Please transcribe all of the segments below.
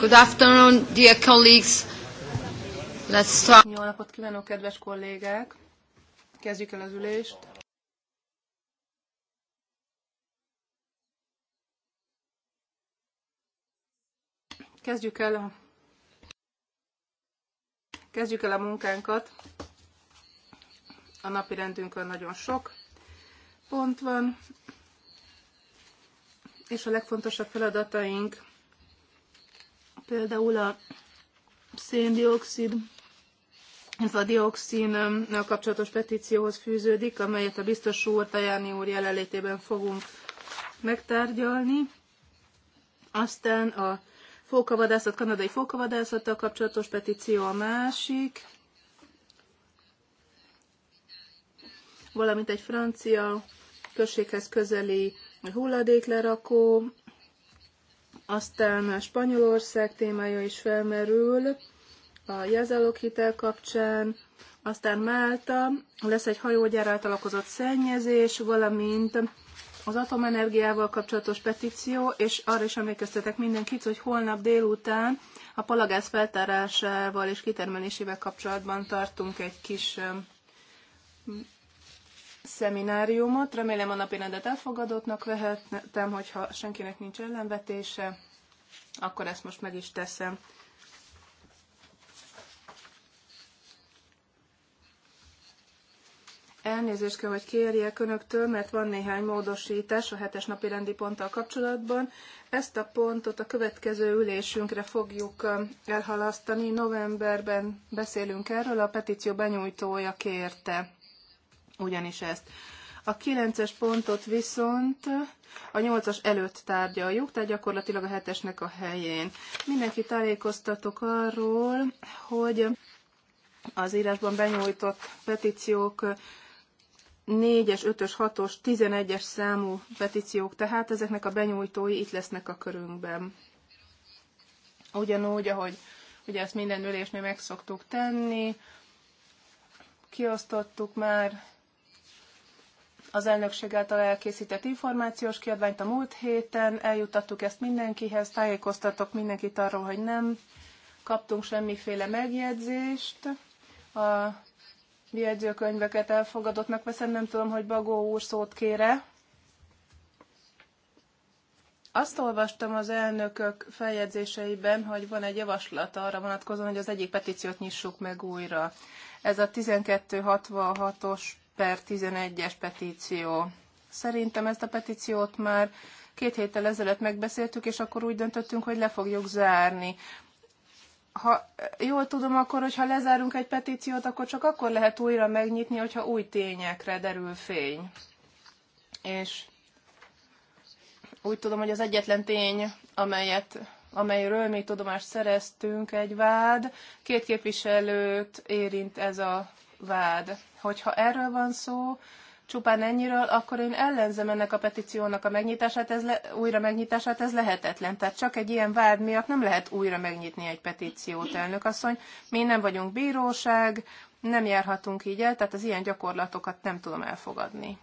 Good afternoon, dear colleagues. Let's start. Jó napot kívánok, kedves kollégák! Kezdjük el az ülést. Kezdjük el a, kezdjük el a munkánkat. A napi rendünkön nagyon sok pont van, és a legfontosabb feladataink például a széndiokszid, ez a dioxinnal um, kapcsolatos petícióhoz fűződik, amelyet a biztos úr Tajáni úr jelenlétében fogunk megtárgyalni. Aztán a fókavadászat, kanadai fókavadászattal kapcsolatos petíció a másik, valamint egy francia községhez közeli hulladéklerakó aztán a Spanyolország témája is felmerül a jezelok hitel kapcsán, aztán Málta, lesz egy hajógyár által okozott szennyezés, valamint az atomenergiával kapcsolatos petíció, és arra is emlékeztetek mindenkit, hogy holnap délután a palagáz feltárásával és kitermelésével kapcsolatban tartunk egy kis szemináriumot. Remélem a napirendet elfogadottnak vehettem, hogyha senkinek nincs ellenvetése, akkor ezt most meg is teszem. Elnézést kell, hogy kérjek önöktől, mert van néhány módosítás a hetes napi rendi ponttal kapcsolatban. Ezt a pontot a következő ülésünkre fogjuk um, elhalasztani. Novemberben beszélünk erről, a petíció benyújtója kérte ugyanis ezt. A 9-es pontot viszont a 8-as előtt tárgyaljuk, tehát gyakorlatilag a 7-esnek a helyén. Mindenki tájékoztatok arról, hogy az írásban benyújtott petíciók 4-es, 5-ös, 6-os, 11-es számú petíciók, tehát ezeknek a benyújtói itt lesznek a körünkben. Ugyanúgy, ahogy ugye ezt minden ülésnél meg szoktuk tenni, kiosztottuk már az elnökség által elkészített információs kiadványt a múlt héten, eljutattuk ezt mindenkihez, tájékoztatok mindenkit arról, hogy nem kaptunk semmiféle megjegyzést. A jegyzőkönyveket elfogadottnak veszem, nem tudom, hogy Bagó úr szót kére. Azt olvastam az elnökök feljegyzéseiben, hogy van egy javaslat arra vonatkozóan, hogy az egyik petíciót nyissuk meg újra. Ez a 1266-os per 11-es petíció. Szerintem ezt a petíciót már két héttel ezelőtt megbeszéltük, és akkor úgy döntöttünk, hogy le fogjuk zárni. Ha jól tudom, akkor, hogyha lezárunk egy petíciót, akkor csak akkor lehet újra megnyitni, hogyha új tényekre derül fény. És úgy tudom, hogy az egyetlen tény, amelyet amelyről mi tudomást szereztünk, egy vád. Két képviselőt érint ez a vád. Hogyha erről van szó, csupán ennyiről, akkor én ellenzem ennek a petíciónak a megnyitását, ez le, újra megnyitását, ez lehetetlen. Tehát csak egy ilyen vád miatt nem lehet újra megnyitni egy petíciót, elnök asszony. Mi nem vagyunk bíróság, nem járhatunk így el, tehát az ilyen gyakorlatokat nem tudom elfogadni.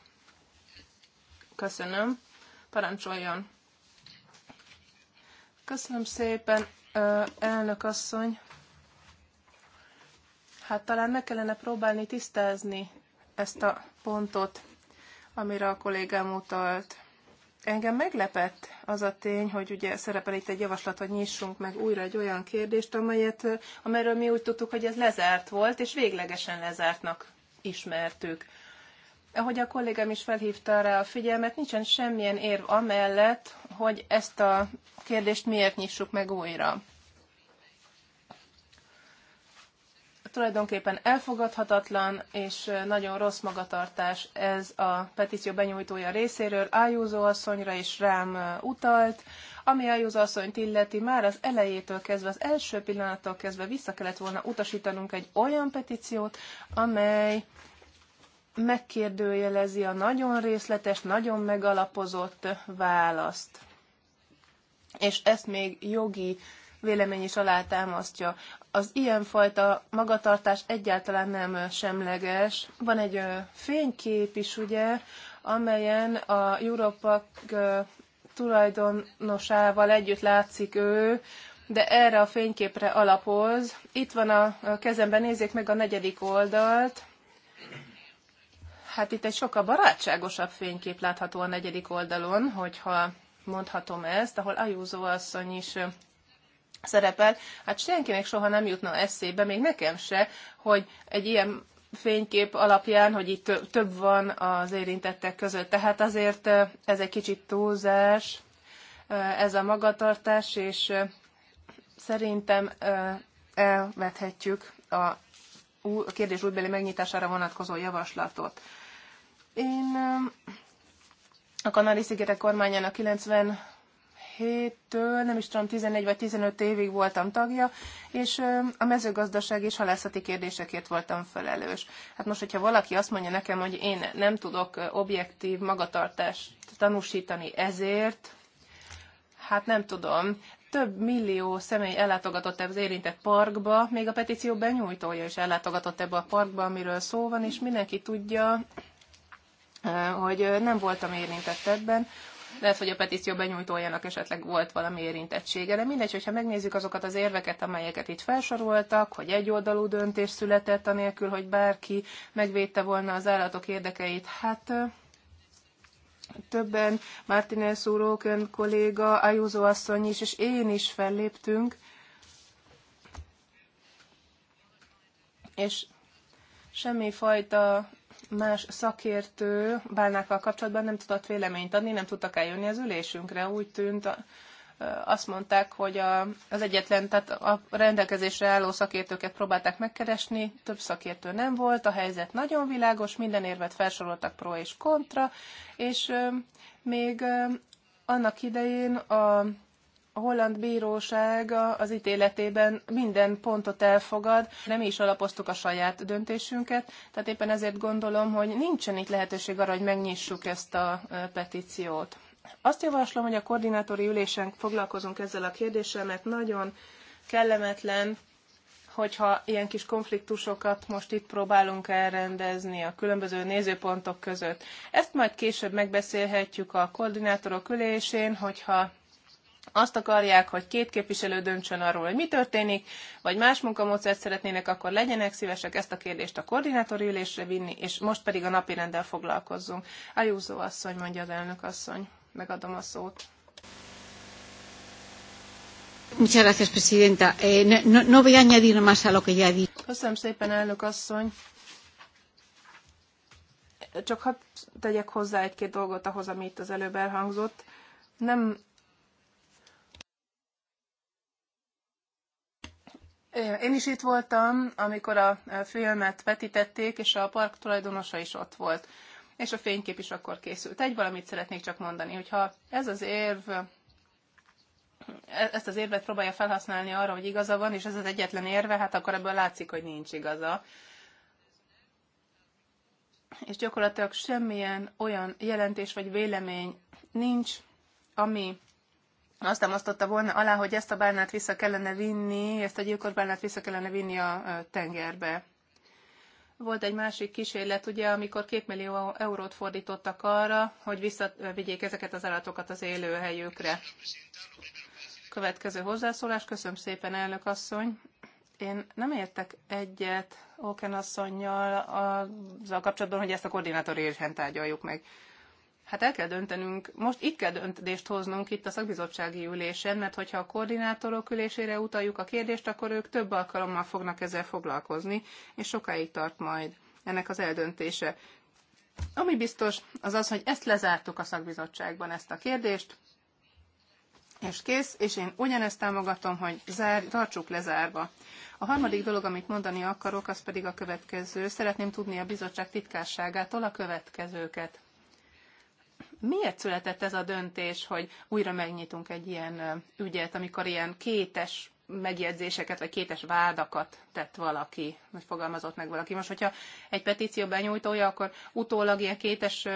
Köszönöm. Parancsoljon. Köszönöm szépen, elnök asszony. Hát talán meg kellene próbálni tisztázni ezt a pontot, amire a kollégám utalt. Engem meglepett az a tény, hogy ugye szerepel itt egy javaslat, hogy nyissunk meg újra egy olyan kérdést, amelyet, amelyről mi úgy tudtuk, hogy ez lezárt volt, és véglegesen lezártnak ismertük. Ahogy a kollégám is felhívta rá a figyelmet, nincsen semmilyen érv amellett, hogy ezt a kérdést miért nyissuk meg újra. tulajdonképpen elfogadhatatlan és nagyon rossz magatartás ez a petíció benyújtója részéről. Ájúzó asszonyra is rám utalt, ami Ájúzó asszonyt illeti, már az elejétől kezdve, az első pillanattól kezdve vissza kellett volna utasítanunk egy olyan petíciót, amely megkérdőjelezi a nagyon részletes, nagyon megalapozott választ. És ezt még jogi vélemény is alátámasztja az ilyenfajta magatartás egyáltalán nem semleges. Van egy fénykép is, ugye, amelyen a Európa tulajdonosával együtt látszik ő, de erre a fényképre alapoz. Itt van a kezemben, nézzék meg a negyedik oldalt. Hát itt egy sokkal barátságosabb fénykép látható a negyedik oldalon, hogyha mondhatom ezt, ahol Ajúzó asszony is szerepel, hát senkinek soha nem jutna eszébe, még nekem se, hogy egy ilyen fénykép alapján, hogy itt több van az érintettek között. Tehát azért ez egy kicsit túlzás, ez a magatartás, és szerintem elvethetjük a kérdés útbeli megnyitására vonatkozó javaslatot. Én a Kanári-szigetek kormányának 90 2007-től, nem is tudom, 14 vagy 15 évig voltam tagja, és a mezőgazdaság és halászati kérdésekért voltam felelős. Hát most, hogyha valaki azt mondja nekem, hogy én nem tudok objektív magatartást tanúsítani ezért, hát nem tudom, több millió személy ellátogatott ebbe az érintett parkba, még a petíció benyújtója is ellátogatott ebbe a parkba, amiről szó van, és mindenki tudja, hogy nem voltam érintett ebben lehet, hogy a petíció benyújtójának esetleg volt valami érintettsége, de mindegy, hogyha megnézzük azokat az érveket, amelyeket itt felsoroltak, hogy egyoldalú döntés született, anélkül, hogy bárki megvédte volna az állatok érdekeit, hát többen, Martinez úr, Ókön kolléga, Ajúzó asszony is, és én is felléptünk, és semmi fajta más szakértő bálnákkal kapcsolatban nem tudott véleményt adni, nem tudtak eljönni az ülésünkre. Úgy tűnt, azt mondták, hogy az egyetlen, tehát a rendelkezésre álló szakértőket próbálták megkeresni, több szakértő nem volt, a helyzet nagyon világos, minden érvet felsoroltak pro és kontra, és még annak idején a a holland bíróság az ítéletében minden pontot elfogad, nem is alapoztuk a saját döntésünket, tehát éppen ezért gondolom, hogy nincsen itt lehetőség arra, hogy megnyissuk ezt a petíciót. Azt javaslom, hogy a koordinátori ülésen foglalkozunk ezzel a kérdéssel, mert nagyon kellemetlen, hogyha ilyen kis konfliktusokat most itt próbálunk elrendezni a különböző nézőpontok között. Ezt majd később megbeszélhetjük a koordinátorok ülésén, hogyha azt akarják, hogy két képviselő döntsön arról, hogy mi történik, vagy más munkamódszert szeretnének, akkor legyenek szívesek ezt a kérdést a koordinátori ülésre vinni, és most pedig a napi rendel foglalkozzunk. Ajúzó asszony, mondja az elnök asszony. Megadom a szót. Muchas gracias, presidenta. Eh, no, no voy a añadir más a lo que ya Köszönöm szépen, elnök asszony. Csak hadd tegyek hozzá egy-két dolgot ahhoz, amit az előbb elhangzott. Nem Én is itt voltam, amikor a filmet vetítették, és a park tulajdonosa is ott volt. És a fénykép is akkor készült. Egy valamit szeretnék csak mondani, hogyha ez az érv e, ezt az érvet próbálja felhasználni arra, hogy igaza van, és ez az egyetlen érve, hát akkor ebből látszik, hogy nincs igaza. És gyakorlatilag semmilyen olyan jelentés vagy vélemény nincs, ami azt támasztotta volna alá, hogy ezt a bálnát vissza kellene vinni, ezt a gyilkos bálnát vissza kellene vinni a tengerbe. Volt egy másik kísérlet, ugye, amikor két millió eurót fordítottak arra, hogy visszavigyék ezeket az állatokat az élőhelyükre. Következő hozzászólás, köszönöm szépen, elnök asszony. Én nem értek egyet Oken asszonynal azzal kapcsolatban, hogy ezt a koordinátori tárgyaljuk meg. Hát el kell döntenünk, most itt kell döntést hoznunk itt a szakbizottsági ülésen, mert hogyha a koordinátorok ülésére utaljuk a kérdést, akkor ők több alkalommal fognak ezzel foglalkozni, és sokáig tart majd ennek az eldöntése. Ami biztos, az az, hogy ezt lezártuk a szakbizottságban, ezt a kérdést, és kész, és én ugyanezt támogatom, hogy zár, tartsuk lezárva. A harmadik dolog, amit mondani akarok, az pedig a következő. Szeretném tudni a bizottság titkárságától a következőket. Miért született ez a döntés, hogy újra megnyitunk egy ilyen ügyet, amikor ilyen kétes megjegyzéseket, vagy kétes vádakat tett valaki, vagy fogalmazott meg valaki. Most, hogyha egy petíció benyújtója, akkor utólag ilyen kétes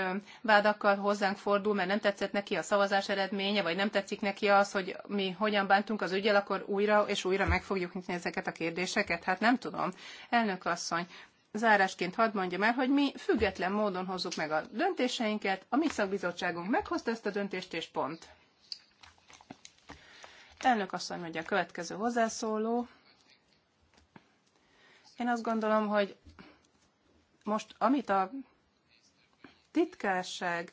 vádakkal hozzánk fordul, mert nem tetszett neki a szavazás eredménye, vagy nem tetszik neki az, hogy mi hogyan bántunk az ügyel, akkor újra és újra meg fogjuk nyitni ezeket a kérdéseket. Hát nem tudom. Elnök asszony, zárásként hadd mondjam el, hogy mi független módon hozzuk meg a döntéseinket, a mi szakbizottságunk meghozta ezt a döntést, és pont. Elnök asszony mondja a következő hozzászóló. Én azt gondolom, hogy most amit a titkárság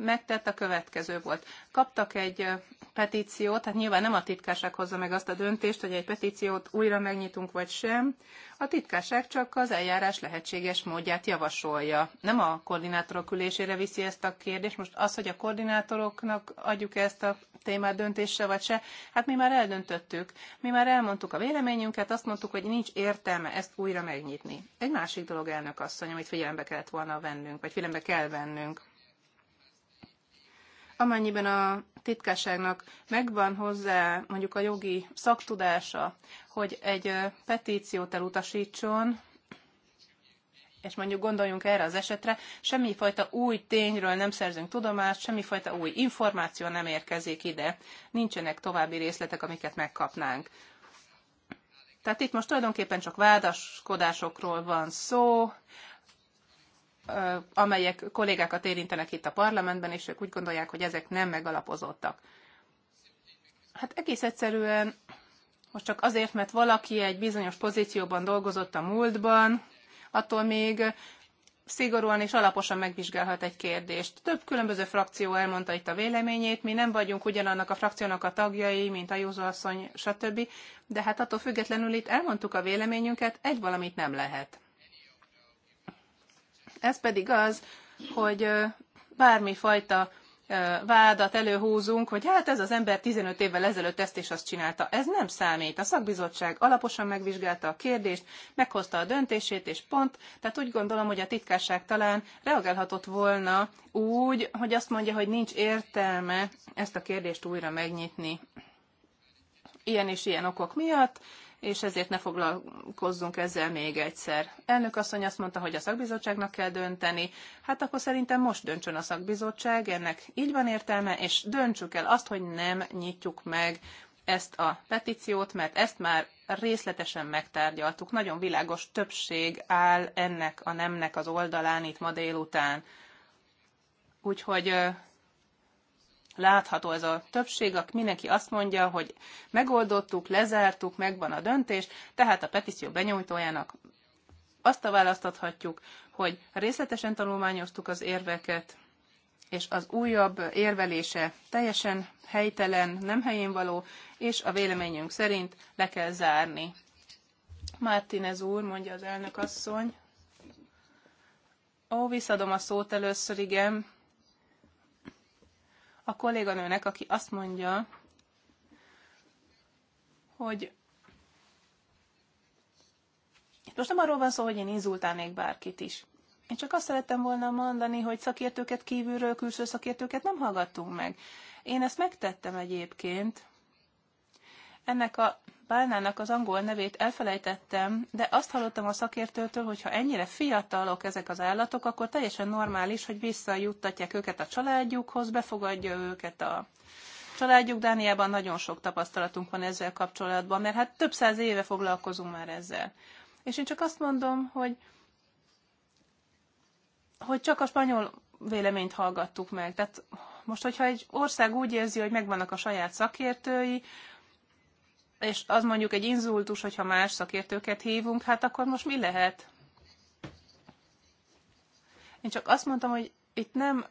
megtett, a következő volt. Kaptak egy petíciót, tehát nyilván nem a titkárság hozza meg azt a döntést, hogy egy petíciót újra megnyitunk vagy sem. A titkárság csak az eljárás lehetséges módját javasolja. Nem a koordinátorok ülésére viszi ezt a kérdést. Most az, hogy a koordinátoroknak adjuk ezt a témát döntésre vagy se, hát mi már eldöntöttük. Mi már elmondtuk a véleményünket, azt mondtuk, hogy nincs értelme ezt újra megnyitni. Egy másik dolog, elnök asszony, amit figyelembe kellett volna vennünk, vagy figyelembe kell vennünk amennyiben a titkárságnak megvan hozzá mondjuk a jogi szaktudása, hogy egy petíciót elutasítson, és mondjuk gondoljunk erre az esetre, semmifajta új tényről nem szerzünk tudomást, semmifajta új információ nem érkezik ide, nincsenek további részletek, amiket megkapnánk. Tehát itt most tulajdonképpen csak vádaskodásokról van szó, amelyek kollégákat érintenek itt a parlamentben, és ők úgy gondolják, hogy ezek nem megalapozottak. Hát egész egyszerűen most csak azért, mert valaki egy bizonyos pozícióban dolgozott a múltban, attól még szigorúan és alaposan megvizsgálhat egy kérdést. Több különböző frakció elmondta itt a véleményét, mi nem vagyunk ugyanannak a frakciónak a tagjai, mint a Józó asszony, stb. De hát attól függetlenül itt elmondtuk a véleményünket, egy valamit nem lehet. Ez pedig az, hogy bármifajta vádat előhúzunk, hogy hát ez az ember 15 évvel ezelőtt ezt és azt csinálta. Ez nem számít. A szakbizottság alaposan megvizsgálta a kérdést, meghozta a döntését, és pont. Tehát úgy gondolom, hogy a titkárság talán reagálhatott volna úgy, hogy azt mondja, hogy nincs értelme ezt a kérdést újra megnyitni. Ilyen és ilyen okok miatt, és ezért ne foglalkozzunk ezzel még egyszer. Elnök asszony azt mondta, hogy a szakbizottságnak kell dönteni, hát akkor szerintem most döntsön a szakbizottság, ennek így van értelme, és döntsük el azt, hogy nem nyitjuk meg ezt a petíciót, mert ezt már részletesen megtárgyaltuk. Nagyon világos többség áll ennek a nemnek az oldalán itt ma délután. Úgyhogy látható ez a többség, aki mindenki azt mondja, hogy megoldottuk, lezártuk, megvan a döntés, tehát a petíció benyújtójának azt a választathatjuk, hogy részletesen tanulmányoztuk az érveket, és az újabb érvelése teljesen helytelen, nem helyén való, és a véleményünk szerint le kell zárni. Mártinez úr, mondja az elnök asszony. Ó, visszadom a szót először, igen a kolléganőnek, aki azt mondja, hogy most nem arról van szó, hogy én inzultálnék bárkit is. Én csak azt szerettem volna mondani, hogy szakértőket kívülről, külső szakértőket nem hallgattunk meg. Én ezt megtettem egyébként. Ennek a bálnának az angol nevét elfelejtettem, de azt hallottam a szakértőtől, hogy ha ennyire fiatalok ezek az állatok, akkor teljesen normális, hogy visszajuttatják őket a családjukhoz, befogadja őket a családjuk. Dániában nagyon sok tapasztalatunk van ezzel kapcsolatban, mert hát több száz éve foglalkozunk már ezzel. És én csak azt mondom, hogy, hogy csak a spanyol véleményt hallgattuk meg. Tehát most, hogyha egy ország úgy érzi, hogy megvannak a saját szakértői, és az mondjuk egy inzultus, hogyha más szakértőket hívunk, hát akkor most mi lehet? Én csak azt mondtam, hogy itt nem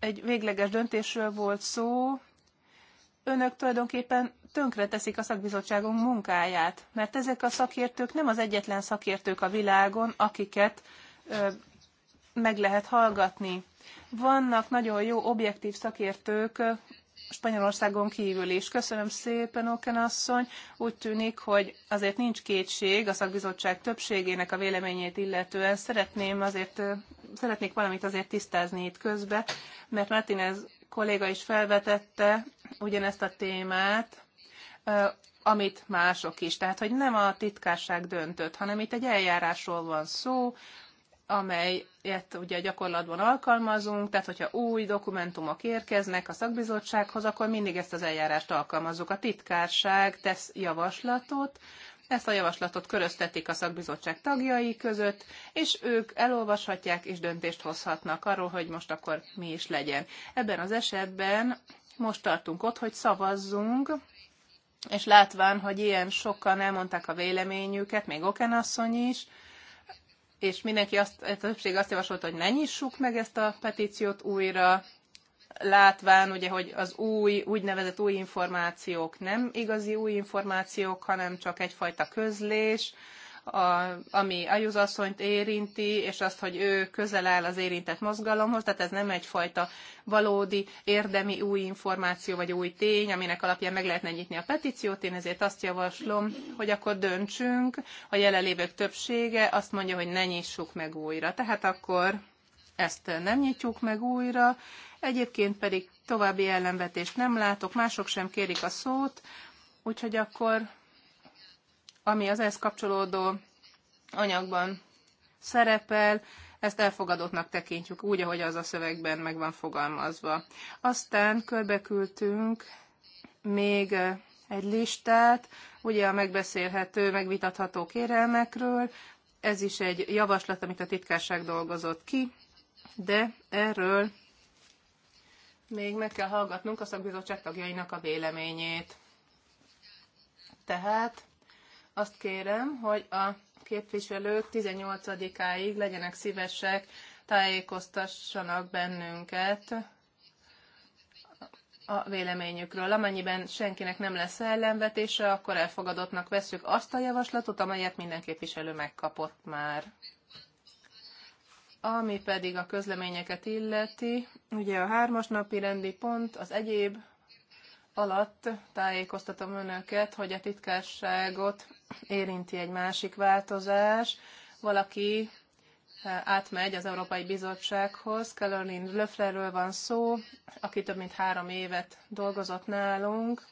egy végleges döntésről volt szó, önök tulajdonképpen teszik a szakbizottságunk munkáját, mert ezek a szakértők nem az egyetlen szakértők a világon, akiket ö, meg lehet hallgatni. Vannak nagyon jó objektív szakértők Spanyolországon kívül is. Köszönöm szépen, Oken asszony. Úgy tűnik, hogy azért nincs kétség a szakbizottság többségének a véleményét illetően. Szeretném azért, szeretnék valamit azért tisztázni itt közbe, mert Martinez kolléga is felvetette ugyanezt a témát, amit mások is. Tehát, hogy nem a titkárság döntött, hanem itt egy eljárásról van szó, amelyet ugye gyakorlatban alkalmazunk, tehát hogyha új dokumentumok érkeznek a szakbizottsághoz, akkor mindig ezt az eljárást alkalmazzuk. A titkárság tesz javaslatot, ezt a javaslatot köröztetik a szakbizottság tagjai között, és ők elolvashatják és döntést hozhatnak arról, hogy most akkor mi is legyen. Ebben az esetben most tartunk ott, hogy szavazzunk, és látván, hogy ilyen sokan elmondták a véleményüket, még Okenasszony is, és mindenki azt, a többség azt javasolta, hogy ne nyissuk meg ezt a petíciót újra, látván, ugye, hogy az új, úgynevezett új információk nem igazi új információk, hanem csak egyfajta közlés, a, ami Ayuz asszonyt érinti, és azt, hogy ő közel áll az érintett mozgalomhoz, tehát ez nem egyfajta valódi, érdemi új információ vagy új tény, aminek alapján meg lehetne nyitni a petíciót. Én ezért azt javaslom, hogy akkor döntsünk, a jelenlévők többsége azt mondja, hogy ne nyissuk meg újra. Tehát akkor ezt nem nyitjuk meg újra, egyébként pedig további ellenvetést nem látok, mások sem kérik a szót, úgyhogy akkor ami az ehhez kapcsolódó anyagban szerepel, ezt elfogadottnak tekintjük, úgy, ahogy az a szövegben meg van fogalmazva. Aztán körbeküldtünk még eh, egy listát, ugye a megbeszélhető, megvitatható kérelmekről. Ez is egy javaslat, amit a titkárság dolgozott ki, de erről még meg kell hallgatnunk a szakbizottság tagjainak a véleményét. Tehát azt kérem, hogy a képviselők 18-áig legyenek szívesek, tájékoztassanak bennünket a véleményükről. Amennyiben senkinek nem lesz ellenvetése, akkor elfogadottnak veszük azt a javaslatot, amelyet minden képviselő megkapott már. Ami pedig a közleményeket illeti, ugye a hármas napi rendi pont, az egyéb alatt tájékoztatom önöket, hogy a titkárságot érinti egy másik változás. Valaki eh, átmegy az Európai Bizottsághoz. Caroline Löfflerről van szó, aki több mint három évet dolgozott nálunk,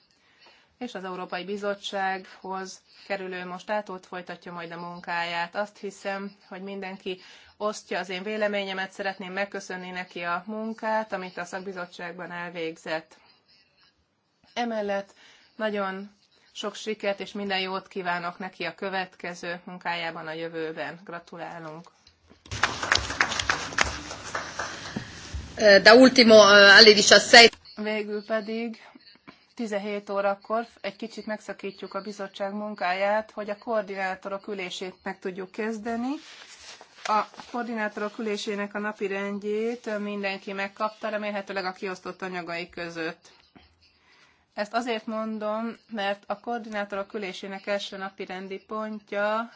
és az Európai Bizottsághoz kerülő most át, ott folytatja majd a munkáját. Azt hiszem, hogy mindenki osztja az én véleményemet, szeretném megköszönni neki a munkát, amit a szakbizottságban elvégzett. Emellett nagyon sok sikert és minden jót kívánok neki a következő munkájában a jövőben. Gratulálunk! Eh, De ultimo, eh, Végül pedig 17 órakor egy kicsit megszakítjuk a bizottság munkáját, hogy a koordinátorok ülését meg tudjuk kezdeni. A koordinátorok ülésének a napi rendjét mindenki megkapta, remélhetőleg a kiosztott anyagai között. Ezt azért mondom, mert a koordinátorok ülésének első napi rendi pontja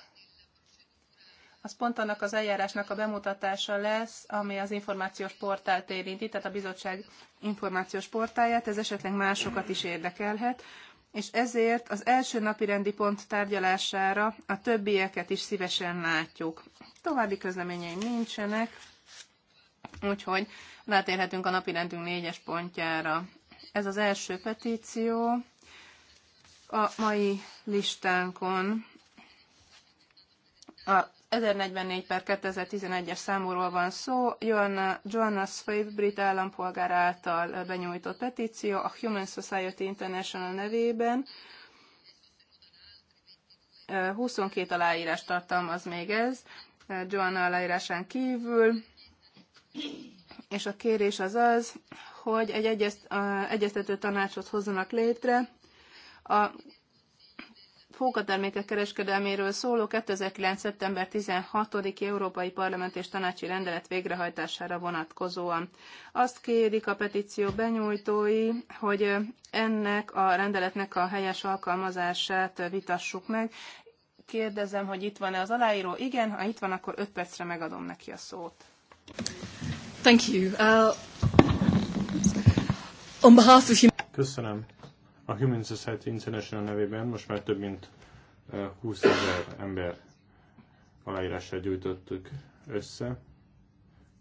az pont annak az eljárásnak a bemutatása lesz, ami az információs portált érinti, tehát a bizottság információs portáját, ez esetleg másokat is érdekelhet, és ezért az első napi rendi pont tárgyalására a többieket is szívesen látjuk. További közleményeim nincsenek, úgyhogy rátérhetünk a napi rendünk négyes pontjára. Ez az első petíció a mai listánkon. A 1044 per 2011-es számúról van szó. Joanna, Joanna Swabe brit állampolgár által benyújtott petíció a Human Society International nevében. 22 aláírás tartalmaz még ez, Joanna aláírásán kívül, és a kérés az az, hogy egy egyezt, a, egyeztető tanácsot hozzanak létre. A fókatermékek kereskedelméről szóló 2009. szeptember 16 Európai Parlament és Tanácsi Rendelet végrehajtására vonatkozóan. Azt kérik a petíció benyújtói, hogy ennek a rendeletnek a helyes alkalmazását vitassuk meg. Kérdezem, hogy itt van-e az aláíró? Igen, ha itt van, akkor 5 percre megadom neki a szót. Thank you. Uh, Köszönöm. A Human Society International nevében most már több mint 20 eh, ezer ember aláírását gyűjtöttük össze.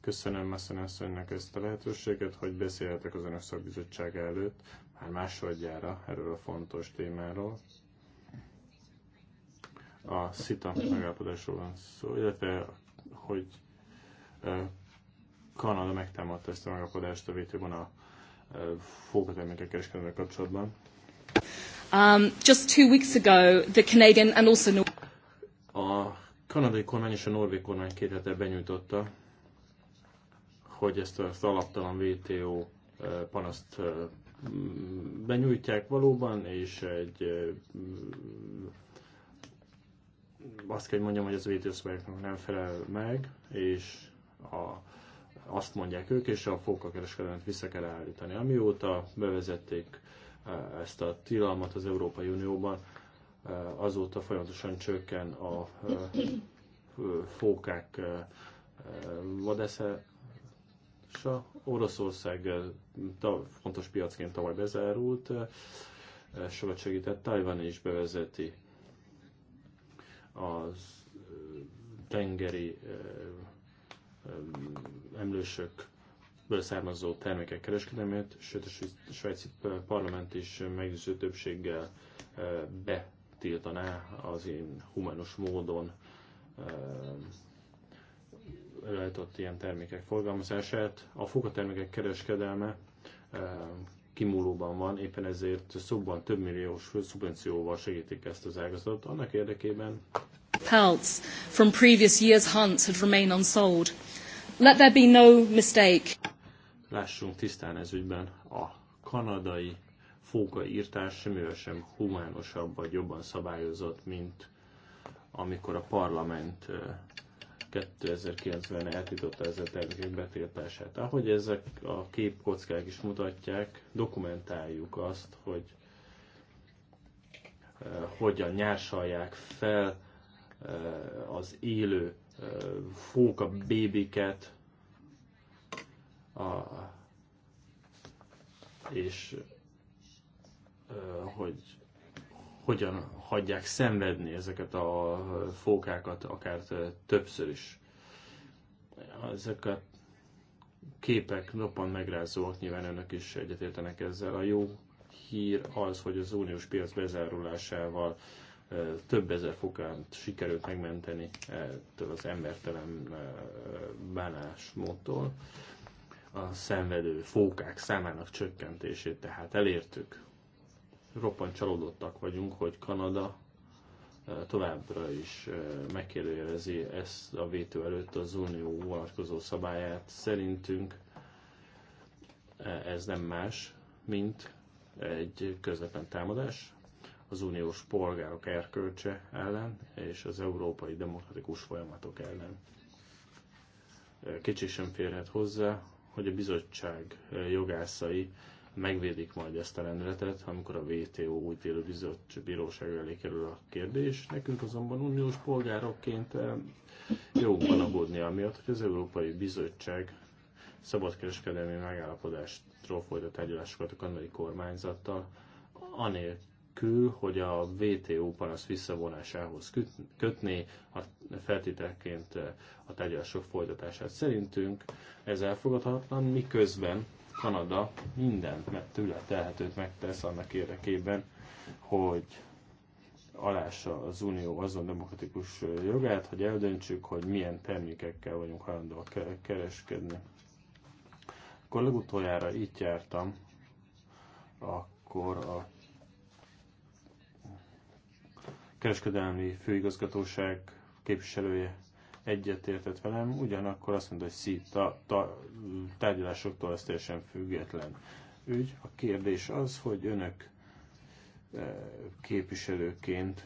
Köszönöm Messzen asszonynak ezt a lehetőséget, hogy beszélhetek az Önök Szakbizottság előtt, már másodjára erről a fontos témáról. A SZITA megállapodásról van szó, illetve hogy eh, Kanada megtámadta ezt a megakadást a vétőben a fókatermékek kereskedelme kapcsolatban. Um, just two weeks ago, the Canadian and also Nor- a kanadai kormány és a norvég kormány két hete benyújtotta, hogy ezt az alaptalan WTO panaszt benyújtják valóban, és egy azt kell, hogy mondjam, hogy az WTO szabályoknak nem felel meg, és a azt mondják ők, és a fókakereskedelmet vissza kell állítani. Amióta bevezették e, ezt a tilalmat az Európai Unióban, e, azóta folyamatosan csökken a e, fókák vadesze, Oroszország fontos piacként tavaly bezárult, sokat segített, Tajvan is bevezeti az tengeri emlősökből származó termékek kereskedelmét, sőt a svájci parlament is meggyőző többséggel betiltaná az én humanus módon előállított ilyen termékek forgalmazását. A fogatermékek kereskedelme kimúlóban van, éppen ezért szokban több milliós szubvencióval segítik ezt az ágazatot. Annak érdekében pelts from previous year's hunts had remained unsold. Let there be no mistake. Lássunk tisztán ez ügyben. A kanadai írtás semmivel sem humánosabb vagy jobban szabályozott, mint amikor a parlament 2009-ben eltította ezzel a termékek betiltását. Ahogy ezek a képkockák is mutatják, dokumentáljuk azt, hogy hogyan nyársalják fel az élő a bébiket, a, és hogy hogyan hagyják szenvedni ezeket a fókákat, akár többször is. Ezek a képek roppant megrázóak, nyilván önök is egyetértenek ezzel. A jó hír az, hogy az uniós piac bezárulásával több ezer fokánt sikerült megmenteni ettől az embertelen bánásmódtól. A szenvedő fókák számának csökkentését tehát elértük. Roppant csalódottak vagyunk, hogy Kanada továbbra is megkérdőjelezi ezt a vétő előtt az unió vonatkozó szabályát. Szerintünk ez nem más, mint egy közvetlen támadás, az uniós polgárok erkölcse ellen és az európai demokratikus folyamatok ellen. Kicsi sem férhet hozzá, hogy a bizottság jogászai megvédik majd ezt a rendeletet, amikor a WTO újtélő bíróság elé kerül a kérdés. Nekünk azonban uniós polgárokként jóban aggódni amiatt, hogy az Európai Bizottság szabadkereskedelmi megállapodásról folytat tárgyalásokat a kanadai kormányzattal, anélkül, anélkül, hogy a WTO panasz visszavonásához kötné a feltételként eh, a tárgyalások folytatását. Szerintünk ez elfogadhatatlan, miközben Kanada mindent mert tőle tehetőt megtesz annak érdekében, hogy alássa az Unió azon demokratikus eh, jogát, hogy eldöntsük, hogy milyen termékekkel vagyunk hajlandóak kereskedni. Akkor legutoljára itt jártam, akkor a kereskedelmi főigazgatóság képviselője egyetértett velem, ugyanakkor azt mondta, hogy szita ta, tárgyalásoktól ez teljesen független ügy. A kérdés az, hogy önök eh, képviselőként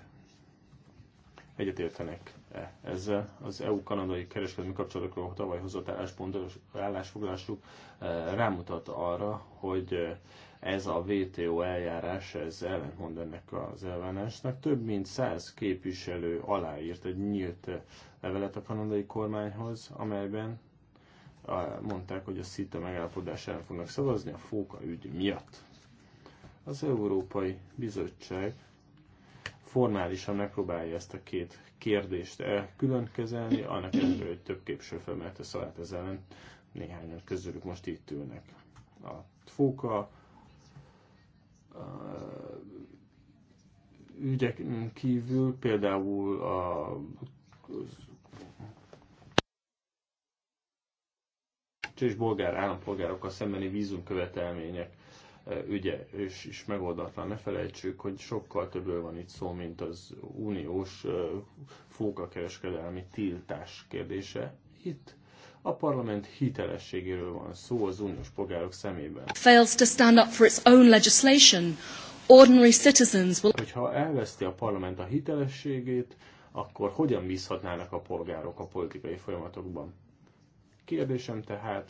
egyetértenek -e ezzel. Az EU-kanadai kereskedelmi kapcsolatokról tavaly hozott állásfoglalásuk eh, rámutat arra, hogy eh, ez a VTO eljárás, ez ellentmond ennek az elvárásnak. Több mint 100 képviselő aláírt egy nyílt levelet a kanadai kormányhoz, amelyben mondták, hogy a szita megállapodás ellen fognak szavazni a fóka ügy miatt. Az Európai Bizottság formálisan megpróbálja ezt a két kérdést külön kezelni, annak ellenére, hogy több képső felmerte szalát ez ellen, néhányan közülük most itt ülnek. A fóka ügyek kívül, például a és bolgár állampolgárokkal szembeni vízumkövetelmények e, ügye és is megoldatlan. Ne felejtsük, hogy sokkal többről van itt szó, mint az uniós e, fókakereskedelmi tiltás kérdése. Itt a parlament hitelességéről van szó az uniós polgárok szemében. Fails to stand up for its own legislation, ordinary citizens will... Hogyha elveszti a parlament a hitelességét, akkor hogyan bízhatnának a polgárok a politikai folyamatokban? Kérdésem tehát,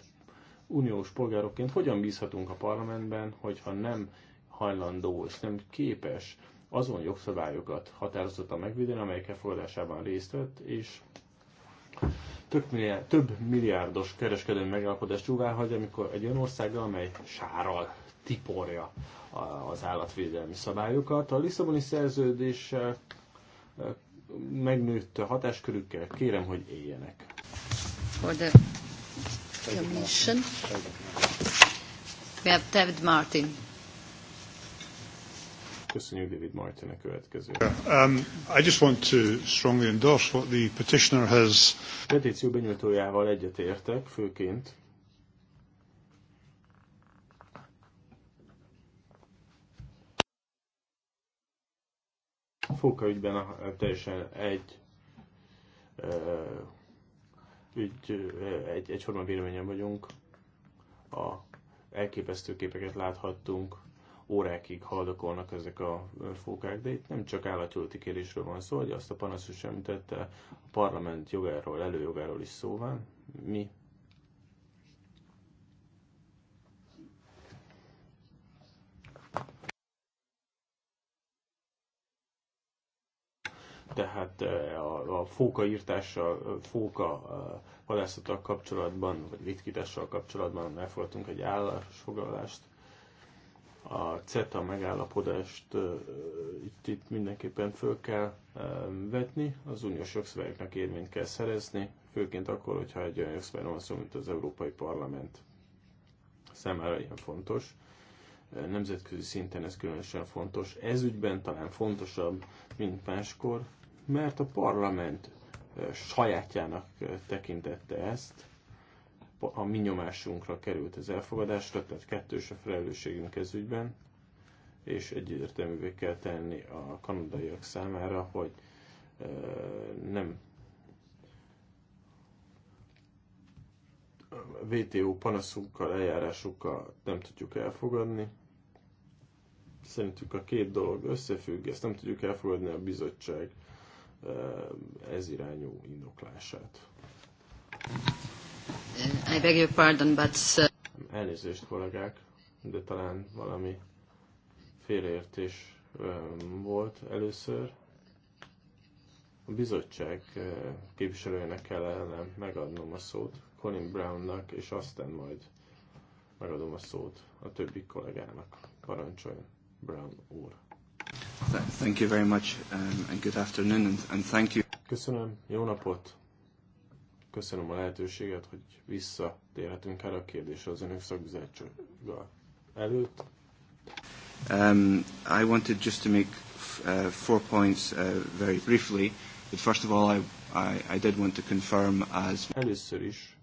uniós polgárokként hogyan bízhatunk a parlamentben, hogyha nem hajlandó és nem képes azon jogszabályokat határozottan megvédeni, amelyek elfogadásában részt vett, és több, milliárd, több milliárdos kereskedő megállapodást jóvá hagy, amikor egy olyan ország, amely sárral tiporja az állatvédelmi szabályokat. A Lisszaboni szerződés megnőtt hatáskörükkel kérem, hogy éljenek. For the commission. We have David Martin. Köszönjük, David Martin, a következő. Um, I just want to strongly endorse what the petitioner has... petíció benyújtójával egyetértek, főként A Fóka ügyben a, a teljesen egy ügy, egy, egyforma véleményen vagyunk. A elképesztő képeket láthattunk órákig haldokolnak ezek a fókák, de itt nem csak állatjóti kérdésről van szó, hogy azt a panaszos említette, a parlament jogáról, előjogáról is szó van. Mi tehát a, a fóka írtással, fóka vadászattal kapcsolatban, vagy vitkítással kapcsolatban elfogadtunk egy állásfoglalást, a CETA megállapodást itt, itt mindenképpen föl kell vetni, az uniós jogszabályoknak érvényt kell szerezni, főként akkor, hogyha egy olyan jogszabály van szó, mint az Európai Parlament számára ilyen fontos. Nemzetközi szinten ez különösen fontos. Ez ügyben talán fontosabb, mint máskor, mert a parlament sajátjának tekintette ezt, a mi nyomásunkra került az elfogadásra, tehát kettős a felelősségünk ez ügyben, és egyértelművé kell tenni a kanadaiak számára, hogy nem VTO panaszukkal, eljárásukkal nem tudjuk elfogadni. Szerintük a két dolog összefügg, ezt nem tudjuk elfogadni a bizottság ez irányú indoklását. I beg your pardon, but... Uh, Elnézést, kollégák, de talán valami félreértés volt először. A bizottság képviselőjének kellene megadnom a szót, Colin Brownnak, és aztán majd megadom a szót a többi kollégának. Parancsoljon, Brown úr. Thank you very much, um, and good afternoon, and thank you. Köszönöm, jó napot! Köszönöm a lehetőséget, hogy visszatérhetünk erre a kérdésre az önök szakbizottsága előtt. Um, I wanted just to make uh, four points uh, very briefly. But first of all, I, I, I did want to confirm as... Először is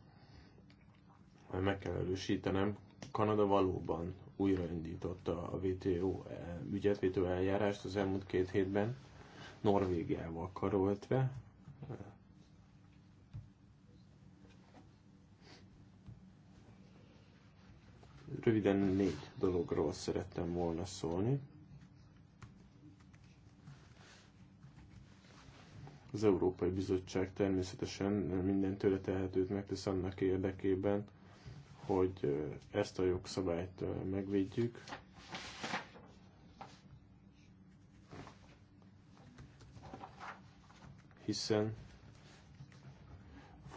majd meg kell erősítenem, Kanada valóban újraindította a WTO eh, ügyet, WTO eljárást az elmúlt két hétben, Norvégiával karoltve, Röviden négy dologról szerettem volna szólni. Az Európai Bizottság természetesen minden tőle tehetőt megtesz annak érdekében, hogy ezt a jogszabályt megvédjük. Hiszen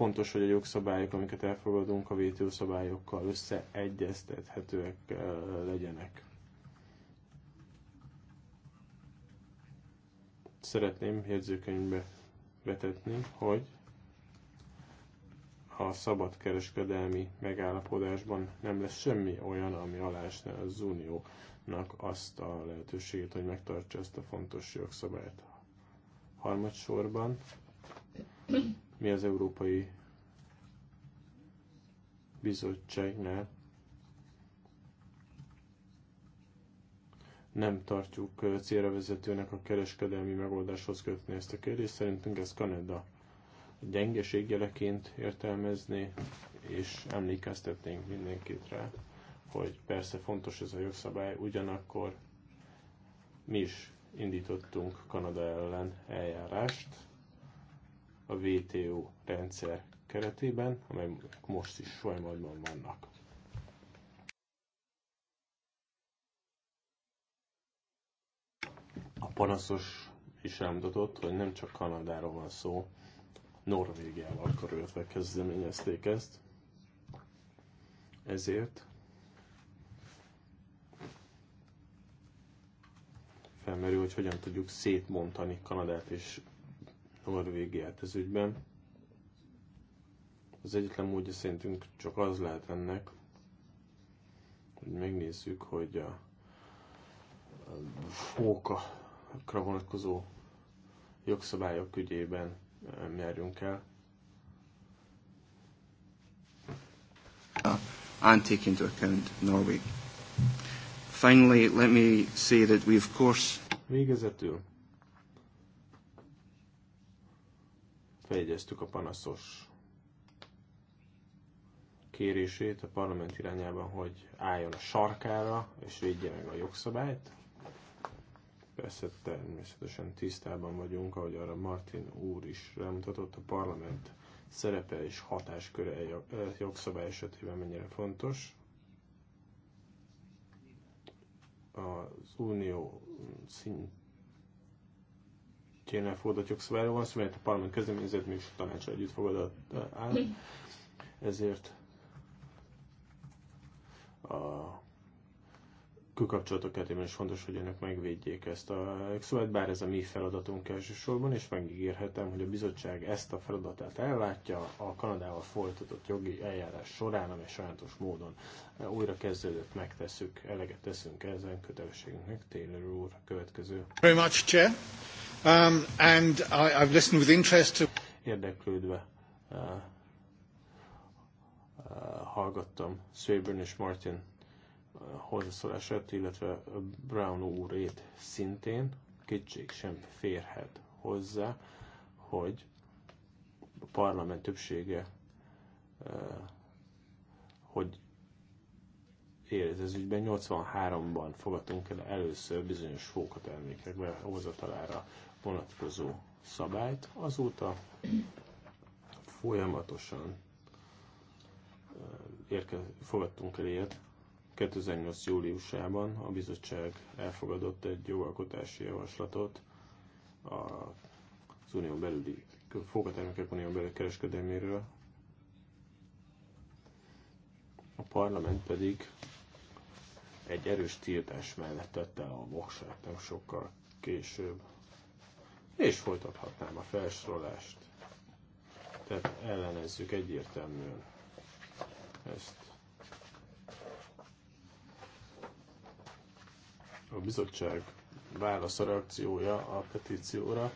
Fontos, hogy a jogszabályok, amiket elfogadunk, a WTO szabályokkal összeegyeztethetőek eh, legyenek. Szeretném jegyzőkönyvbe vetetni, hogy a kereskedelmi megállapodásban nem lesz semmi olyan, ami alásná az uniónak azt a lehetőségét, hogy megtartsa ezt a fontos jogszabályt. Harmadsorban mi az Európai Bizottságnál nem tartjuk célra vezetőnek a kereskedelmi megoldáshoz kötni ezt a kérdést. Szerintünk ez Kanada gyengeség értelmezni, és emlékeztetnénk mindenkit rá, hogy persze fontos ez a jogszabály, ugyanakkor mi is indítottunk Kanada ellen eljárást, a WTO rendszer keretében, amely most is folyamatban vannak. A panaszos is elmutatott, hogy nem csak Kanadáról van szó, Norvégiával körülve kezdeményezték ezt. Ezért felmerül, hogy hogyan tudjuk szétmondani Kanadát és hamar végéját ez ügyben. Az egyetlen módja szerintünk csak az lehet ennek, hogy megnézzük, hogy a, fókakra vonatkozó jogszabályok ügyében eh, járjunk el. And uh, take into account Norway. Finally, let me say that we of course Végezetül feljegyeztük a panaszos kérését a parlament irányában, hogy álljon a sarkára és védje meg a jogszabályt. Persze természetesen tisztában vagyunk, ahogy arra Martin úr is rámutatott, a parlament szerepe és hatásköre jogszabály esetében mennyire fontos. Az unió szint kéne elfogadott jogszabályról van szó, mert a parlament kezdeményezett még a tanácsa együtt fogadott eh, áll. Ezért a külkapcsolatok keretében is fontos, hogy önök megvédjék ezt a szóval bár ez a mi feladatunk elsősorban, és megígérhetem, hogy a bizottság ezt a feladatát ellátja a Kanadával folytatott jogi eljárás során, amely sajátos módon eh, újra kezdődött, megteszük, eleget teszünk ezen kötelességünknek. Taylor úr, következő. Very much, Chair. Um, and I, I've listened with interest to... Érdeklődve uh, uh, hallgattam Swayburn és Martin hozzászólását, illetve Brown úrét szintén kétség sem férhet hozzá, hogy a parlament többsége hogy érez ez ügyben. 83-ban fogadtunk el először bizonyos fókatermékekbe hozatalára vonatkozó szabályt. Azóta folyamatosan érkez, fogadtunk el ilyet 2008. júliusában a bizottság elfogadott egy jogalkotási javaslatot az unió belüli fogatermékek unió belüli kereskedelméről. A parlament pedig egy erős tiltás mellett tette a voksát nem sokkal később. És folytathatnám a felsorolást. Tehát ellenezzük egyértelműen ezt a bizottság válasz a reakciója a petícióra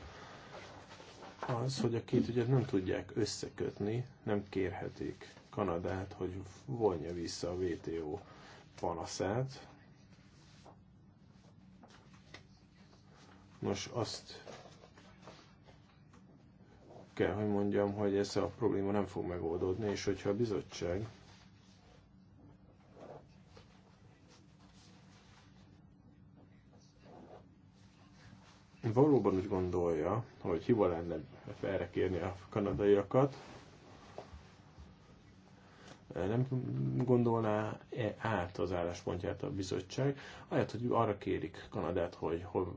az, hogy a két ügyet nem tudják összekötni, nem kérhetik Kanadát, hogy vonja vissza a WTO panaszát. Nos, azt kell, hogy mondjam, hogy ez a probléma nem fog megoldódni, és hogyha a bizottság valóban úgy gondolja, hogy hiba lenne erre kérni a kanadaiakat, nem gondolná -e át az álláspontját a bizottság, ahelyett, hogy arra kérik Kanadát, hogy, hogy,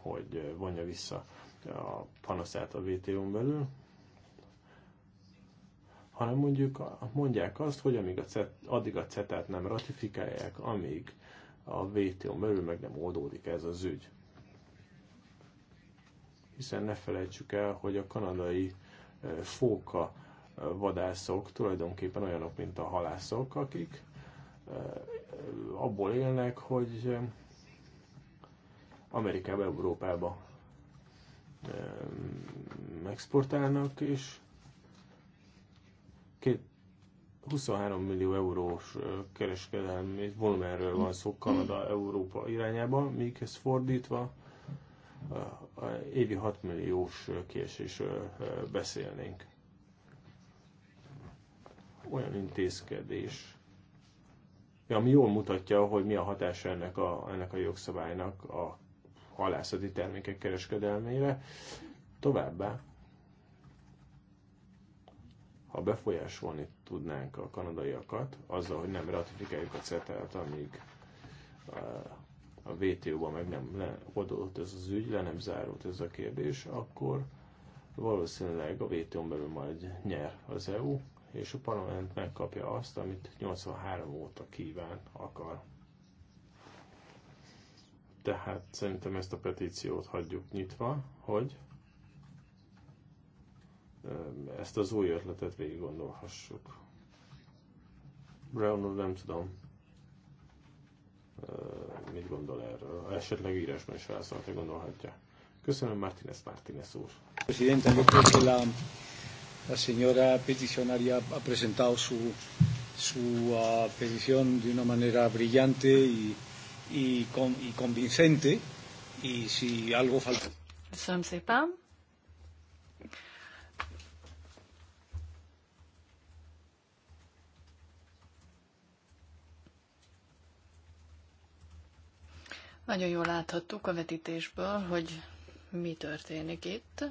hogy vonja vissza a panaszát a WTO-n belül, hanem mondjuk mondják azt, hogy amíg a CET, addig a CETA-t nem ratifikálják, amíg a WTO-n belül meg nem oldódik ez az ügy hiszen ne felejtsük el, hogy a kanadai e, fóka e, vadászok tulajdonképpen olyanok, mint a halászok, akik e, abból élnek, hogy Amerikába, Európába exportálnak, és 23 millió eurós kereskedelmi volumenről van szó Kanada-Európa irányába, míg ez fordítva évi 6 milliós késésről beszélnénk. Olyan intézkedés, ami jól mutatja, hogy mi a hatása ennek a, ennek a jogszabálynak a halászati termékek kereskedelmére. Továbbá, ha befolyásolni tudnánk a kanadaiakat, azzal, hogy nem ratifikáljuk a CETA-t, amíg a WTO-ban meg nem oldódott ez az ügy, le nem zárult ez a kérdés, akkor valószínűleg a WTO-n belül majd nyer az EU, és a parlament megkapja azt, amit 83 óta kíván, akar. Tehát szerintem ezt a petíciót hagyjuk nyitva, hogy ezt az új ötletet végig gondolhassuk. Brown úr, nem tudom mit gondol erről? Esetleg írásban is hogy gondolhatja. Köszönöm, Martínez Martínez úr. Presidente, yo creo que la, la señora peticionaria ha presentado su, su uh, petición de una manera brillante y, y, con, y convincente. Y si algo falta... Köszönöm szépen. Nagyon jól láthattuk a vetítésből, hogy mi történik itt,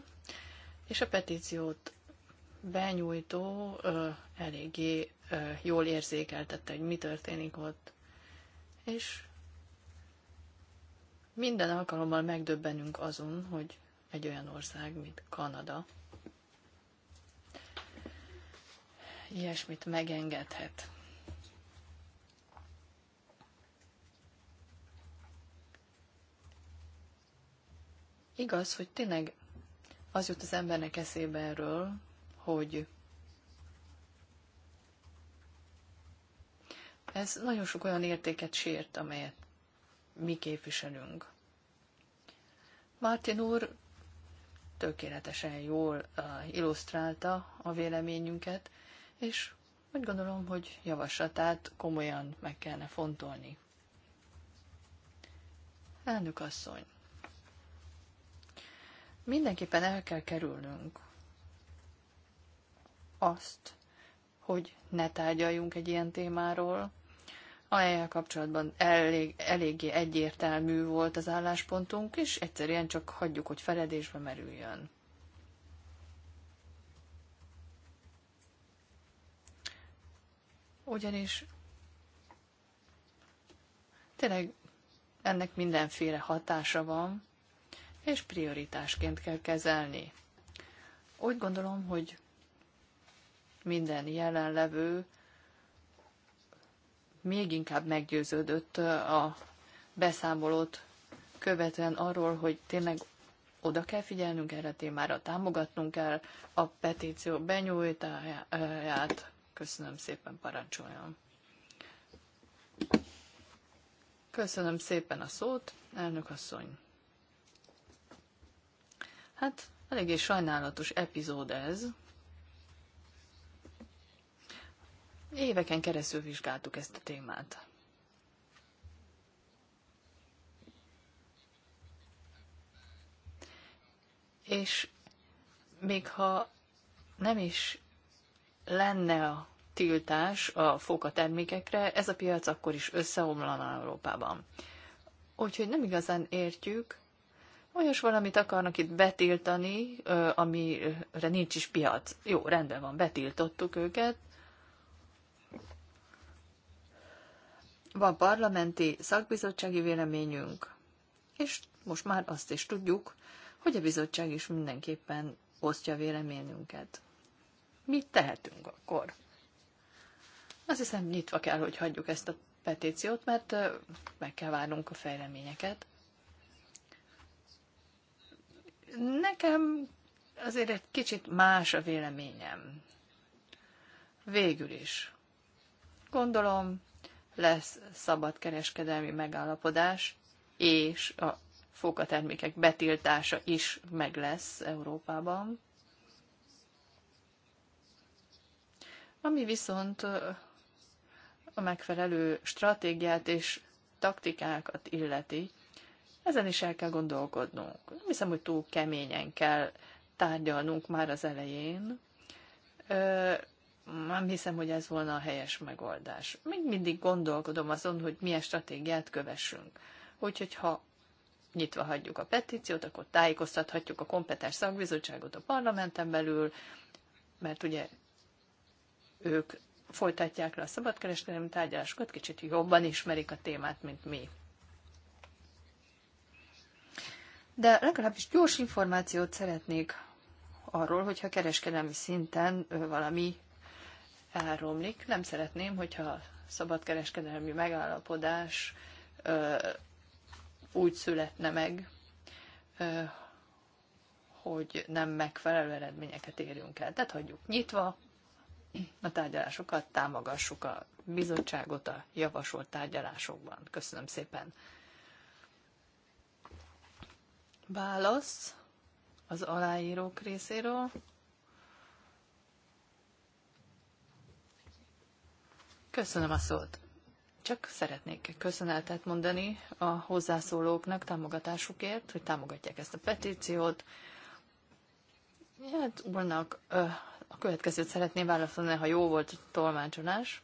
és a petíciót benyújtó ö, eléggé ö, jól érzékeltette, hogy mi történik ott. És minden alkalommal megdöbbenünk azon, hogy egy olyan ország, mint Kanada, ilyesmit megengedhet. Igaz, hogy tényleg az jut az embernek eszébe erről, hogy ez nagyon sok olyan értéket sért, amelyet mi képviselünk. Martin úr tökéletesen jól illusztrálta a véleményünket, és úgy gondolom, hogy javaslatát komolyan meg kellene fontolni. Elnök asszony, mindenképpen el kell kerülnünk azt, hogy ne tárgyaljunk egy ilyen témáról, amelyel kapcsolatban elég, eléggé egyértelmű volt az álláspontunk, és egyszerűen csak hagyjuk, hogy feledésbe merüljön. Ugyanis tényleg ennek mindenféle hatása van, és prioritásként kell kezelni. Úgy gondolom, hogy minden jelenlevő még inkább meggyőződött a beszámolót követően arról, hogy tényleg oda kell figyelnünk erre a témára, támogatnunk kell a petíció benyújtáját. Köszönöm szépen, parancsoljon. Köszönöm szépen a szót, elnök asszony. Hát eléggé sajnálatos epizód ez. Éveken keresztül vizsgáltuk ezt a témát. És még ha nem is lenne a tiltás a fóka termékekre, ez a piac akkor is összeomlana Európában. Úgyhogy nem igazán értjük, olyas valamit akarnak itt betiltani, amire nincs is piac. Jó, rendben van, betiltottuk őket. Van parlamenti szakbizottsági véleményünk, és most már azt is tudjuk, hogy a bizottság is mindenképpen osztja véleményünket. Mit tehetünk akkor? Azt hiszem, nyitva kell, hogy hagyjuk ezt a petíciót, mert meg kell várnunk a fejleményeket. Nekem azért egy kicsit más a véleményem. Végül is. Gondolom, lesz szabadkereskedelmi megállapodás, és a fókatermékek betiltása is meg lesz Európában. Ami viszont a megfelelő stratégiát és taktikákat illeti, ezen is el kell gondolkodnunk. Nem hiszem, hogy túl keményen kell tárgyalnunk már az elején. Ö, nem hiszem, hogy ez volna a helyes megoldás. Még mindig gondolkodom azon, hogy milyen stratégiát kövessünk. Úgyhogy ha nyitva hagyjuk a petíciót, akkor tájékoztathatjuk a kompetens szakbizottságot a parlamenten belül, mert ugye ők folytatják le a szabadkereskedelmi tárgyalásokat, kicsit jobban ismerik a témát, mint mi. de legalábbis gyors információt szeretnék arról, hogyha kereskedelmi szinten valami elromlik. Nem szeretném, hogyha szabadkereskedelmi megállapodás úgy születne meg, hogy nem megfelelő eredményeket érjünk el. Tehát hagyjuk nyitva a tárgyalásokat, támogassuk a bizottságot a javasolt tárgyalásokban. Köszönöm szépen! válasz az aláírók részéről. Köszönöm a szót. Csak szeretnék köszönetet mondani a hozzászólóknak támogatásukért, hogy támogatják ezt a petíciót. Hát úrnak a következőt szeretném válaszolni, ha jó volt a tolmácsolás.